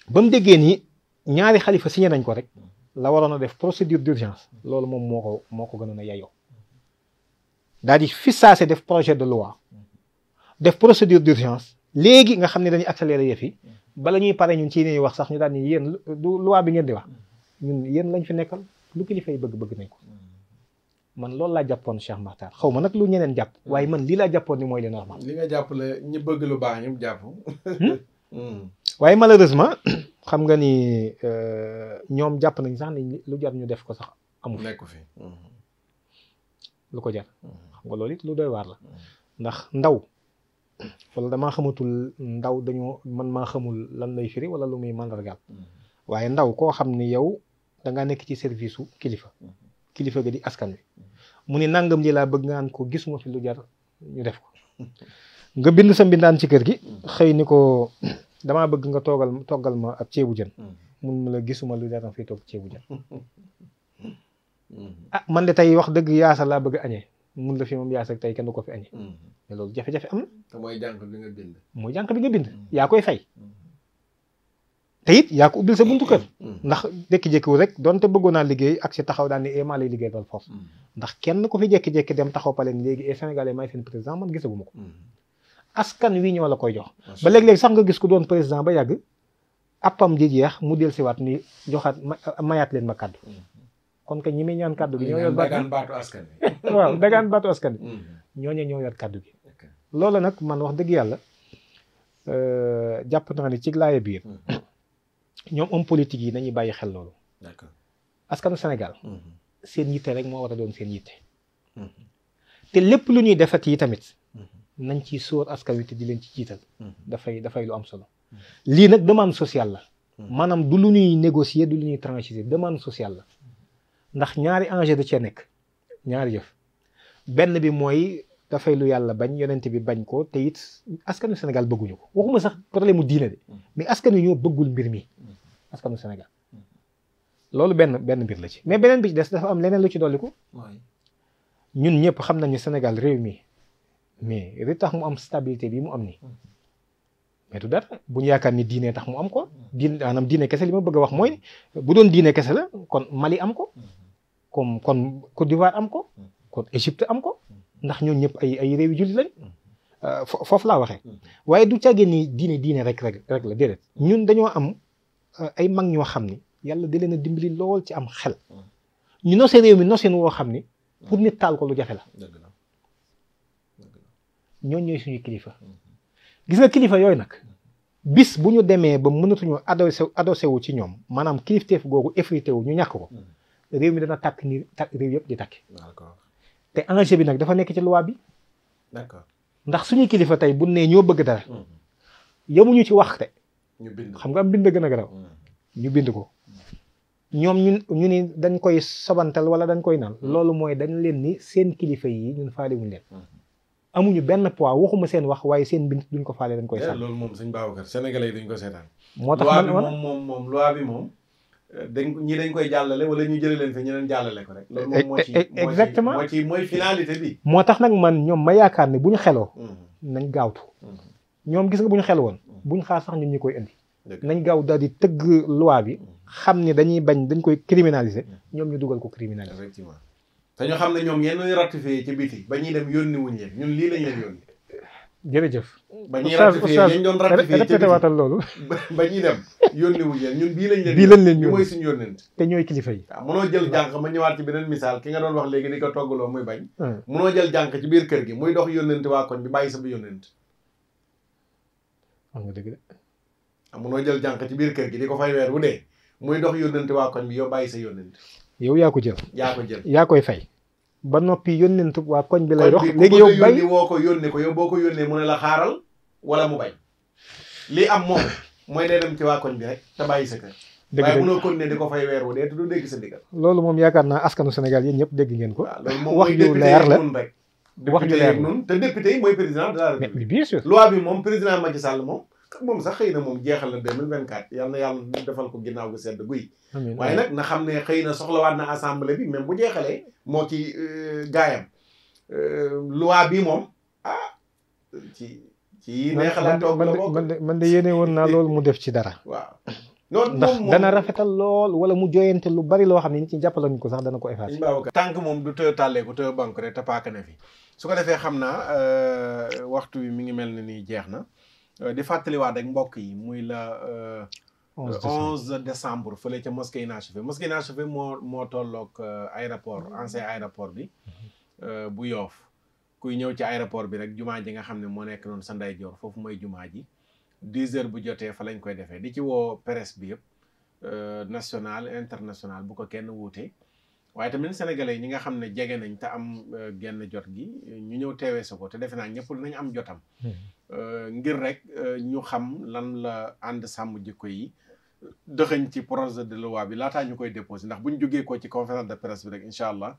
ba mu déggee nii ñaari xalifa signé nañ ko rek la waroon a def procédure d'urgence loolu moom moo ko moo ko gënoon a yeyoo daal di fissaase def projet de loi def procédure d'urgence léegi nga xam ne dañuy accélérer yëf yi bala ñuy pare ñun ci ñuy wax sax ñu daal ni yéen du loi bi ngeen di wax ñun yéen lañ fi nekkal lu kilifa yi bëgg-bëgg nañ ko man loolu laa jàppoon Cheikh Makhtar xaw ma nag lu ñeneen jàpp waaye man lii laa jàppoon ni mooy li normal. li nga jàpp la ñi bëgg lu baax ñu jàpp. Hmm? Hmm. waaye malheureusement xam nga ni euh, ñoom jàpp nañ sax ni lu jar ñu def ko sax amul. nekk fi lu ko jar. Mm-hmm. xam nga loolu it lu doy waar la. Mm-hmm. ndax ndaw wala damaa xamatul ndaw dañoo man maa xamul lan lay firi wala lu muy màndargaal. Mm-hmm. waaye ndaw koo xam ni yow danga nekk ci service su kilifa. kilifa ga di askan wi. mu ne nangam ji laa bëgg ngaan ko gisuma fi lu jar ñu def ko. nga bind sa mbindaan ci kër gi. xëy ni ko. damaa bëgg nga toogal toggal ma ab ceebu jën hmm. mun ma la gisuma lu dara fii toog ceebu jën hmm. ah man de tey wax dëgg yaasa laa bëgg añee mun la fi moom yaasa tey kenn du ko fi añee hmm. loolu jafe am na te mooy jànq bi nga bind mooy jànq bi nga bind yaa koy fay te it yaa ko ubbil sa buntu ndax jékki-jékkiwu rek donte bëggoon naa liggéey ak si taxaw daal ni e maa lay liggéey loolu foofu ndax kenn ku fi jekki jékki dem taxaw pale ni léegi e Sénégalais may seen président man gisaguma ko askan wi ñoo la koy jox. ba léeg-léeg sax nga gis ko doon président ba yàgg appam di jeex mu del siwaat ni joxaat mayaat leen ma kàddu. Mm-hmm. kon que ñi mi ñaan kàddu gi. ñoo yor baatu askan wi waaw dagaan baatu askan wi. Mm-hmm. ñooñu ñoo kàddu gi. loolu nag man wax dëgg yàlla euh, jàpp naa ne ci laaya biir. Mm-hmm. ñoom homme politique yi nañuy bàyyi xel loolu. d'accord askanu Sénégal. seen yitte rek moo war a doon seen yitte. te lépp lu ñuy defat yi tamit. nañ ci sóor askan wi te di leen ci jiital. Mm-hmm. dafay dafay lu am solo. Mm-hmm. lii nag demande social la. Mm-hmm. maanaam du lu ñuy négocier du lu ñuy transiger demande sociale la ndax ñaari enjeu de cee nekk ñaari jëf benn bi mooy dafay lu yàlla bañ yonent bi bañ ko te it askanu senegal bëgguñu ko waxuma sax problème mu diine mais askan wi bëggul mbir mi askanu senegal loolu benn benn mbir la ci mais beneen bi ci des dafa am leneen lu ci dolliku ñun ñëpp xam nañu Sénégal réew mi. mais li tax mu am stabilité bi mu am ni hmm. mais du dara bu ñu yaakaar ni diine tax mu am ko diine maanaam diine kese li ma bëgg wax mooy bu doon diine kese la kon Mali am ko comme kon Côte d'Ivoire am ko hmm. kon Égypte am ko hmm. ndax ñoo ñëpp ay ay réew yu jullit lañ euh, foofu laa waxee waaye du caggee ni diine diine rek rek rek la déedéet ñun dañoo am euh, ay mag ñoo xam ni yàlla da leen a dimbali lool ci am xel ñu nosee réew mi noseen woo xam ni pour nit taal ko lu jafe la ñooñu ñooy suñu kilifa mm-hmm. gis nga kilifa yooyu nag bis bu ñu demee ba mu mënatuñu adossé adossé wu ci ñoom maanaam kilifteef googu effrité wu ñu ñàkk ko mm-hmm. réew mi dana takk ni tàkk réew yëpp di tàkk te enjeu bi nag dafa nekk ci loi bi d'accord ndax suñu kilifa tey bu nee ñoo bëgg dara mm-hmm. yemuñu ci waxte ñu xam nga am bind gën a garaw ñu bind ko ñoom ñun ñu ni dañ koy sobantal wala dañ koy naan loolu mooy dañ leen ni seen kilifa yi ñun faaliwuñ leen amuñu benn poids waxuma seen wax waaye seen bind duñ ko faale dañ koy eh, sax moom sañ Babacar sénégalais yi duñ ko seetaan moo tax man moom moom moom loi bi moom eh, dañ ñi dañ koy jàllale wala ñu jëlee leen fi ñeneen ko rek loolu eh, exactement moo mooy moo tax nag man ñoom ma yaakaar ne bu ñu xeloo mm-hmm. nañ gaawtu mm-hmm. ñoom gis nga bu xel woon mm-hmm. buñ xaar sax ñu ñu koy indi nañ gaaw daal di tëgg loi bi xam ni dañuy bañ dañ koy criminaliser ñoom ñu dugal ko criminaliser te ñu xam ne ñoom yenn ñu ratifié ci biti ba ñuy dem yónni wuñ leen ñun lii lañ leen yónni. jërëjëf. ba ñuy ratifié ñu doon ratifié ci biti waatal loolu. ba ñuy dem yónni wuñ leen ñun bii lañ leen. bii lañ leen yónni mooy suñu yónnent. te ñooy kilifa yi. waaw jël jànq ma ñëwaat ci beneen misaal ki nga doon wax léegi ni ko toggaloo muy bañ. Ah. mënoo jël jànq ci biir kër gi muy dox yónnent waa koñ bi bàyyi sa bi yónnent. xam nga dëgg de. jël jànq ci biir kër gi di ko fay weer wu dee muy dox yónnent waa koñ bi yow bàyyi sa yónnent yow yaa ko jël. yaa jël yaa koy fay. ba noppi yónneentu waa koñ bi la dox. léegi yow bay woo ko yónnee ko yow boo ko yónnee mu ne la xaaral wala mu bañ li am moom mooy day dem ci waa koñ bi rek te bàyyi sa kër. dëgg waaye mënoo continuer di ko fay weer wu dee du dégg sa loolu moom yaakaar naa askanu Sénégal yéen ñëpp dégg ngeen ko. wax ju leer la wax ju leer la te député yi mooy président de la République. bien sûr loi bi moom président Macky saal moom moom sax xëy na moom jeexal na 2024 yal na yàlla defal ko ginnaaw gu sedd guy. waaye nag na xam ne xëy na soxlawaat na assemblée bi même bu jeexalee moo ci euh, gaayam euh, loi bi moom ah ci. ci neexalaat toog la bokk man de man de yéene woon naa loolu mu def ci dara. waaw noonu ndax dana rafetal lool wala mu jooyante lu bari loo xam ne nit ñi jàppaloon ko sax dana ko effacer. tànk moom du tëye tàlleeku tëye banque rek te paaka na fi su ko defee xam naa euh, waxtu wi mi ngi mel ne nii jeex na. Euh, di fàttaliwaat rek mbokk yi muy la. 11 euh, euh, décembre fële ca mosquée inachevée mosquée inachevée moo moo tolloog aéroport ancien aéroport bi. bu yoof kuy ñëw ci aéroport bi rek jumaa ji nga xam ne moo nekk noonu sa ndeyjoor foofu mooy jumaa ji 10 heures bu jotee fa lañ koy defee di ci woo presse bi yëpp national international bu ko kenn wuute. waaye tamit sénégalais ñi nga xam ne jege nañ te am euh, genn jot gi euh, ñu ñëw teewee sa ko te defe naa ñëpp nañ am jotam. Hmm. Euh, ngir rek ñu xam lan la ànd sàmm jikko yi dëxëñ ci projet de loi bi laataa ñu koy déposé ndax bu ñu jógee ko ci conférence de presse bi rek incha allah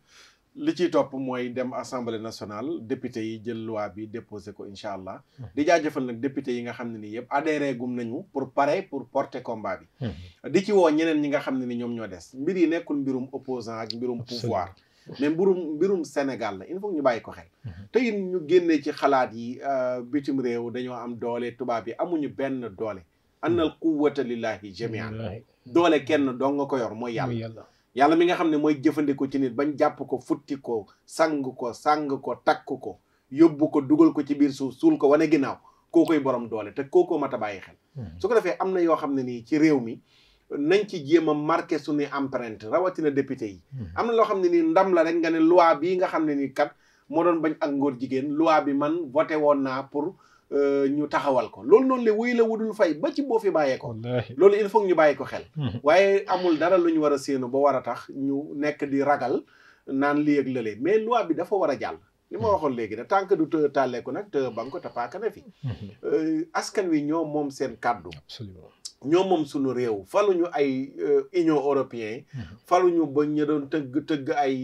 li ciy topp mooy dem assemblée nationale député yi jël loi bi déposé ko incha allah. Hmm. di jaajëfal nag député yi nga xam ne ni yëpp adhéré gum nañu pour pare pour porter combat bi. Hmm. di ci woo ñeneen ñi nga xam ne ni ñoom ñoo des mbir yi nekkul mbirum opposant ak mbirum pouvoir. mais mbirum mbirum Sénégal la il faut ñu bàyyi ko xel. Hmm. te it ñu génnee ci xalaat yi euh, bitim réew dañoo am doole tubaab yi amuñu benn doole. annal quwwata lillahi jami'an doole kenn dong nga ko yor mooy yàlla. yàlla mi nga xam ne mooy jëfandiku ci nit bañ jàpp ko futti ko sang ko sang ko takk ko yóbbu ko dugal ko ci biir suuf suul ko wane ginnaaw kookoy borom doole te kookoo mat a bàyyi xel hmm. su ko defee am na yoo xam ne nii ci réew mi nañ ci jéem a su suñu empreinte rawatina député yi hmm. am na loo xam ne nii ndam la rek nga ne loi bii nga xam ne nii kat moo doon bañ ak ngóor jigéen loi bi man voté woon naa pour Euh, ñu taxawal ko loolu noonu la wuy la wu wudul fay ba ci boo fi bàyyee ko loolu il faut ñu bàyyi ko xel hmm. waaye amul dara lu ñu war a séenu ba war a tax ñu nekk di ragal naan li yëg mais loi bi dafa war a jàll li ma hmm. waxoon léegi da tànk du të tàlleeku nag ba nga ko te paaka hmm. euh, wi ñoo moom seen kàddu absolument ñoo moom suñu réew faluñu ay euh, union européen faluñu ba ñu doon tëgg tëgg ay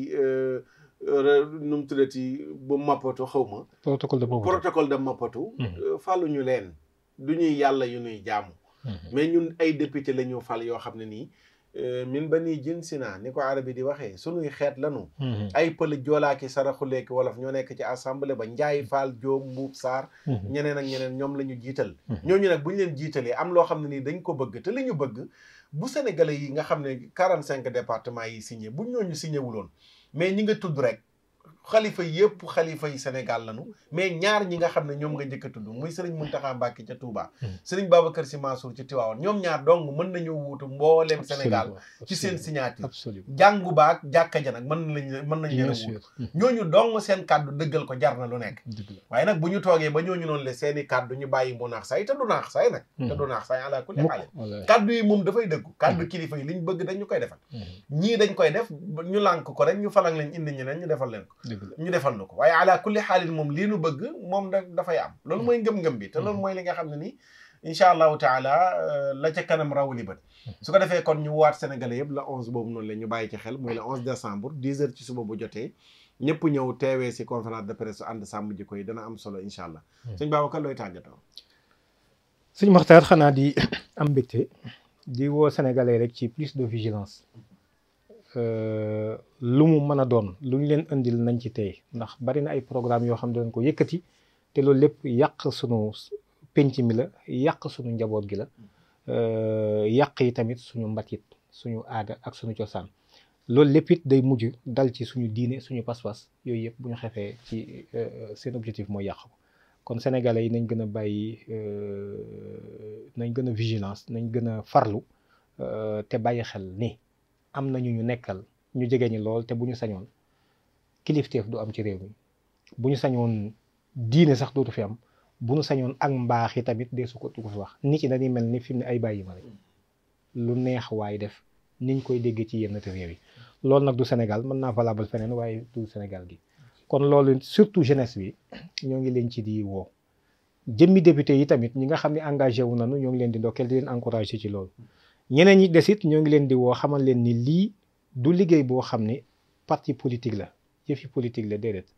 nu mu tuddati ba Maputo xaw ma. protocole de Maputo protocole de Maputo. Mhm. Euh, fàlluñu leen du ñuy yàlla yu nuy jaamu. Mhm. mais ñun ay député la ñu fal yoo xam ne nii. Euh, min ba nii jën si naa ni ko arabi di waxee sunuy xeet lanu mhm. ay pël joolaaki saraxuleeki wolof ñoo nekk ci assemblée ba njaay faal joom mbuub saar ñeneen ak ñeneen ñoom la ñu jiital ñooñu nag bu ñu leen jiitalee am loo xam ne nii dañ ko bëgg te li ñu bëgg bu sénégalais yi nga xam ne quarante cinq département yi signé bu ñooñu signé wuloon mais ñi nga tudd rek xalifa yëpp xalifa yi Sénégal lañu mais ñaar ñi nga xam ne ñoom nga njëkk a tudd muy sëriñ Mountakha Mbacké ca Touba. Hmm. sëriñ Babacar Sy Mansour ci Tivaouane ñoom ñaar dong mën nañoo wuutu mbooleem Sénégal ci seen signature jàngu baak jàkka ja nag mën nañ mën nañ leen a wuutu hmm. ñooñu dong seen kàddu dëggal ko jar na lu nekk waaye nag bu ñu toogee ba ñoo noonu le seen i kàddu ñu bàyyi mu naax say te du naax say nag hmm. te du naax say àla kulli xaal yi moom dafay dëggu kàddu kilifa yi liñ bëgg dañ koy defal ñii dañ koy def ñu lànk ko rek ñu falang lañ indi ñeneen ñu defal leen ko ñu defal na ko waaye ala kulli xaalin moom lii nu bëgg moom da dafay am hmm. loolu mooy ngëm-ngëm bi te loolu hmm. mooy li nga xam ne ni incha allahu taala euh, la ca kanam raw li bët hmm. su ko defee kon ñu waat sénégalais yëpp la onze boobu noonu la ñu bàyyi ci xel mooy le onze décembre dix heures ci suba bu jotee ñëpp ñëw teewee si conférence de presse ànd sàmm jikko yi dana am solo incha allah sëñ Babacar looy tàggatoo sëñ Maxtaar xanaa di am mbégte di woo sénégalais rek ci plus de Euh, lu mu mën a doon lu ñu leen indil nañ ci tey ndax bari na ay programme yoo xam ne dañ ko yëkkati te loolu lépp yàq sunu penc mi la yàq sunu njaboot gi la euh, yàq yi tamit suñu mbatit suñu aada ak suñu cosaan loolu lépp it day mujj dal ci suñu diine suñu pas-pas yooyu yëpp bu ñu xefee ci euh, seen objectif mooy yàq ko kon sénégalais yi nañ gën a bàyyi nañ gën a vigilance nañ gën a farlu te bàyyi xel ni am nañu ñu nekkal ñu jege ñi lool te bu ñu sañoon kilifteef du am ci réew mi bu ñu sañoon diine sax dootu fi am bu ñu sañoon ak mbaax yi tamit dee su ko du ko wax nit yi dañuy mel ni fi mu ne ay bàyyi ma lañ lu neex waaye def niñ koy déggee ci yenn réew yi loolu nag du Sénégal mën naa valable feneen waaye du Sénégal gi kon loolu surtout jeunesse bi ñoo ngi leen ci di woo jëmmi député yi tamit ñi nga xam ne engagé wu nañu ñoo ngi leen di ndokkeel di leen ci loolu ñeneen ñi desit ñoo ngi leen di woo xamal leen ni lii du liggéey boo xam ne parti politique la yëfi politique la déedéet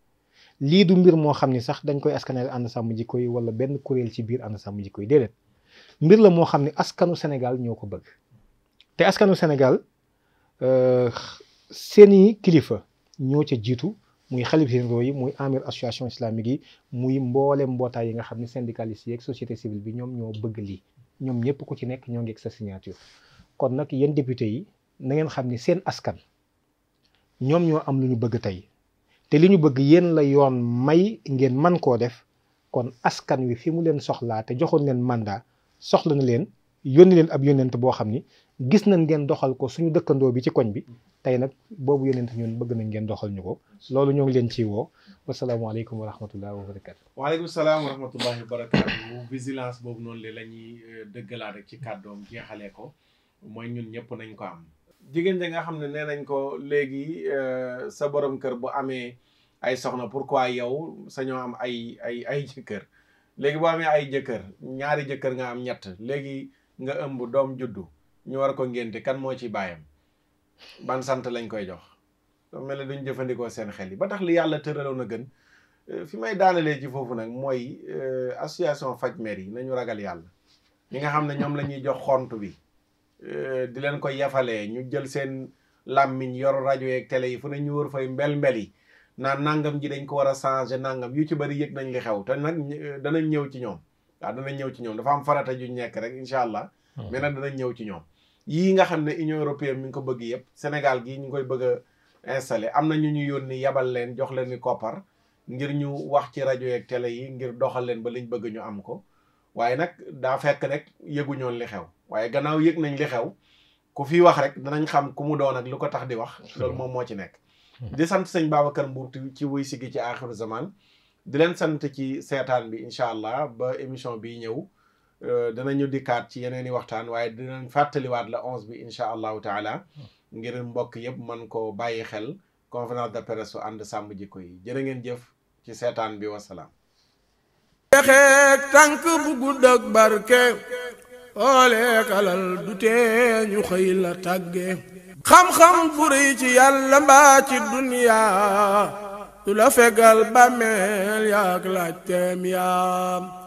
lii du mbir moo xam ne sax dañ koy askanale ànd sàmm jikko yi wala benn kuréel ci biir ànd sàmm jikko yi mbir la moo xam ne askanu senegal ñoo ko bëgg te askanu Sénégal euh, seeni kilifa ñoo ca jiitu muy xalif généraux yi muy amir association islamique yi muy mboolem mbootaay yi nga xam ne syndicalistes yi ak société civile bi ñoom ñoo bëgg lii ñoom ñëpp ku ci nekk ñoo ngi ak sa signature kon nag yéen député yi nangeen xam ni seen askan ñoom ñoo am lu ñu bëgg tey te li ñu bëgg yéen la yoon may ngeen man koo def kon askan wi fi mu leen soxlaa te joxoon leen mandat soxla na leen yónni leen ab yónnent boo xam ni gis nañ ngeen doxal ko suñu dëkkandoo bi ci koñ bi tey nag boobu yonent ñun bëgg nañ ngeen doxal ñu ko loolu ñoo ngi leen ciy woo wasalaamaaleykum wa rahmatullahi wa barakatu waaleykum salaam wa rahmatullahi wa barakatu vigilance boobu noonu la ñuy euh, dëggalaat rek ci kàddoom jeexalee ko mooy ñun ñëpp nañ ko jigéen ja nga xam ne nee nañ ko léegi euh, sa borom kër bu amee ay soxna pourquoi yow sañoo am ay ay ay jëkkër léegi bu amee ay jëkkër ñaari jëkkër nga am ñett léegi nga ëmb doom juddu ñu war ko ngénte kan moo ci bàyyam ban sant lañ koy jox soo mel ne duñ jëfandikoo seen xel yi ba tax li yàlla tëraloon a gën euh, fi may daanalee ci foofu nag mooy euh, association faj mer yi nañu ragal yàlla ñi nga xam ne ñoom la jox xont bi euh, di leen ko yafalee ñu jël seen làmmiñ yor rajo yeeg télé yi fu ne ñu wër fay mbel-mbel yi naan nangam ji dañ ko war a changer nangam yu ci bari yëg nañ li xew te nag danañ ñëw ci ñoom waaw ñëw ci ñoom dafa am farata ju nekk rek incha allah hmm. mais nag danañ ñëw ci ñoom yii nga xam ne Union européenne mi ngi ko bëgg yëpp Sénégal gi ñu koy bëgg a am na ñu ñu yónni yebal leen jox leen ni koppar ngir ñu wax ci rajo yeeg télé yi ngir doxal leen ba liñ bëgg ñu am ko waaye nag daa fekk rek yëguñoon li xew waaye gannaaw yëg nañ li xew ku fi wax rek danañ xam ku mu doon ak lu ko tax di wax loolu moom moo ci nekk hmm. di sant sëñ Babacar Mbour ci wuy si gi ci aaxiru zaman di leen sant ci seetaan bi incha allah ba émission bi ñëw dana euh, danañu dikkaat ci yeneen waxtaan waaye dinañ fàttaliwaat la onze bi incha allahu taala ngir mbokk yëpp man koo bàyyi xel conférence de presse su ànd sàmm jikko yi jërë ngeen jëf ci seetaan bi wasalaam texeeg tànk bu gudd ak barke ooleek alal du tee ñu xëy la tàgge xam-xam bu rëy ci yàlla mbaa ci duniyaa du la fegal bàmmeel yaak laaj teem yaam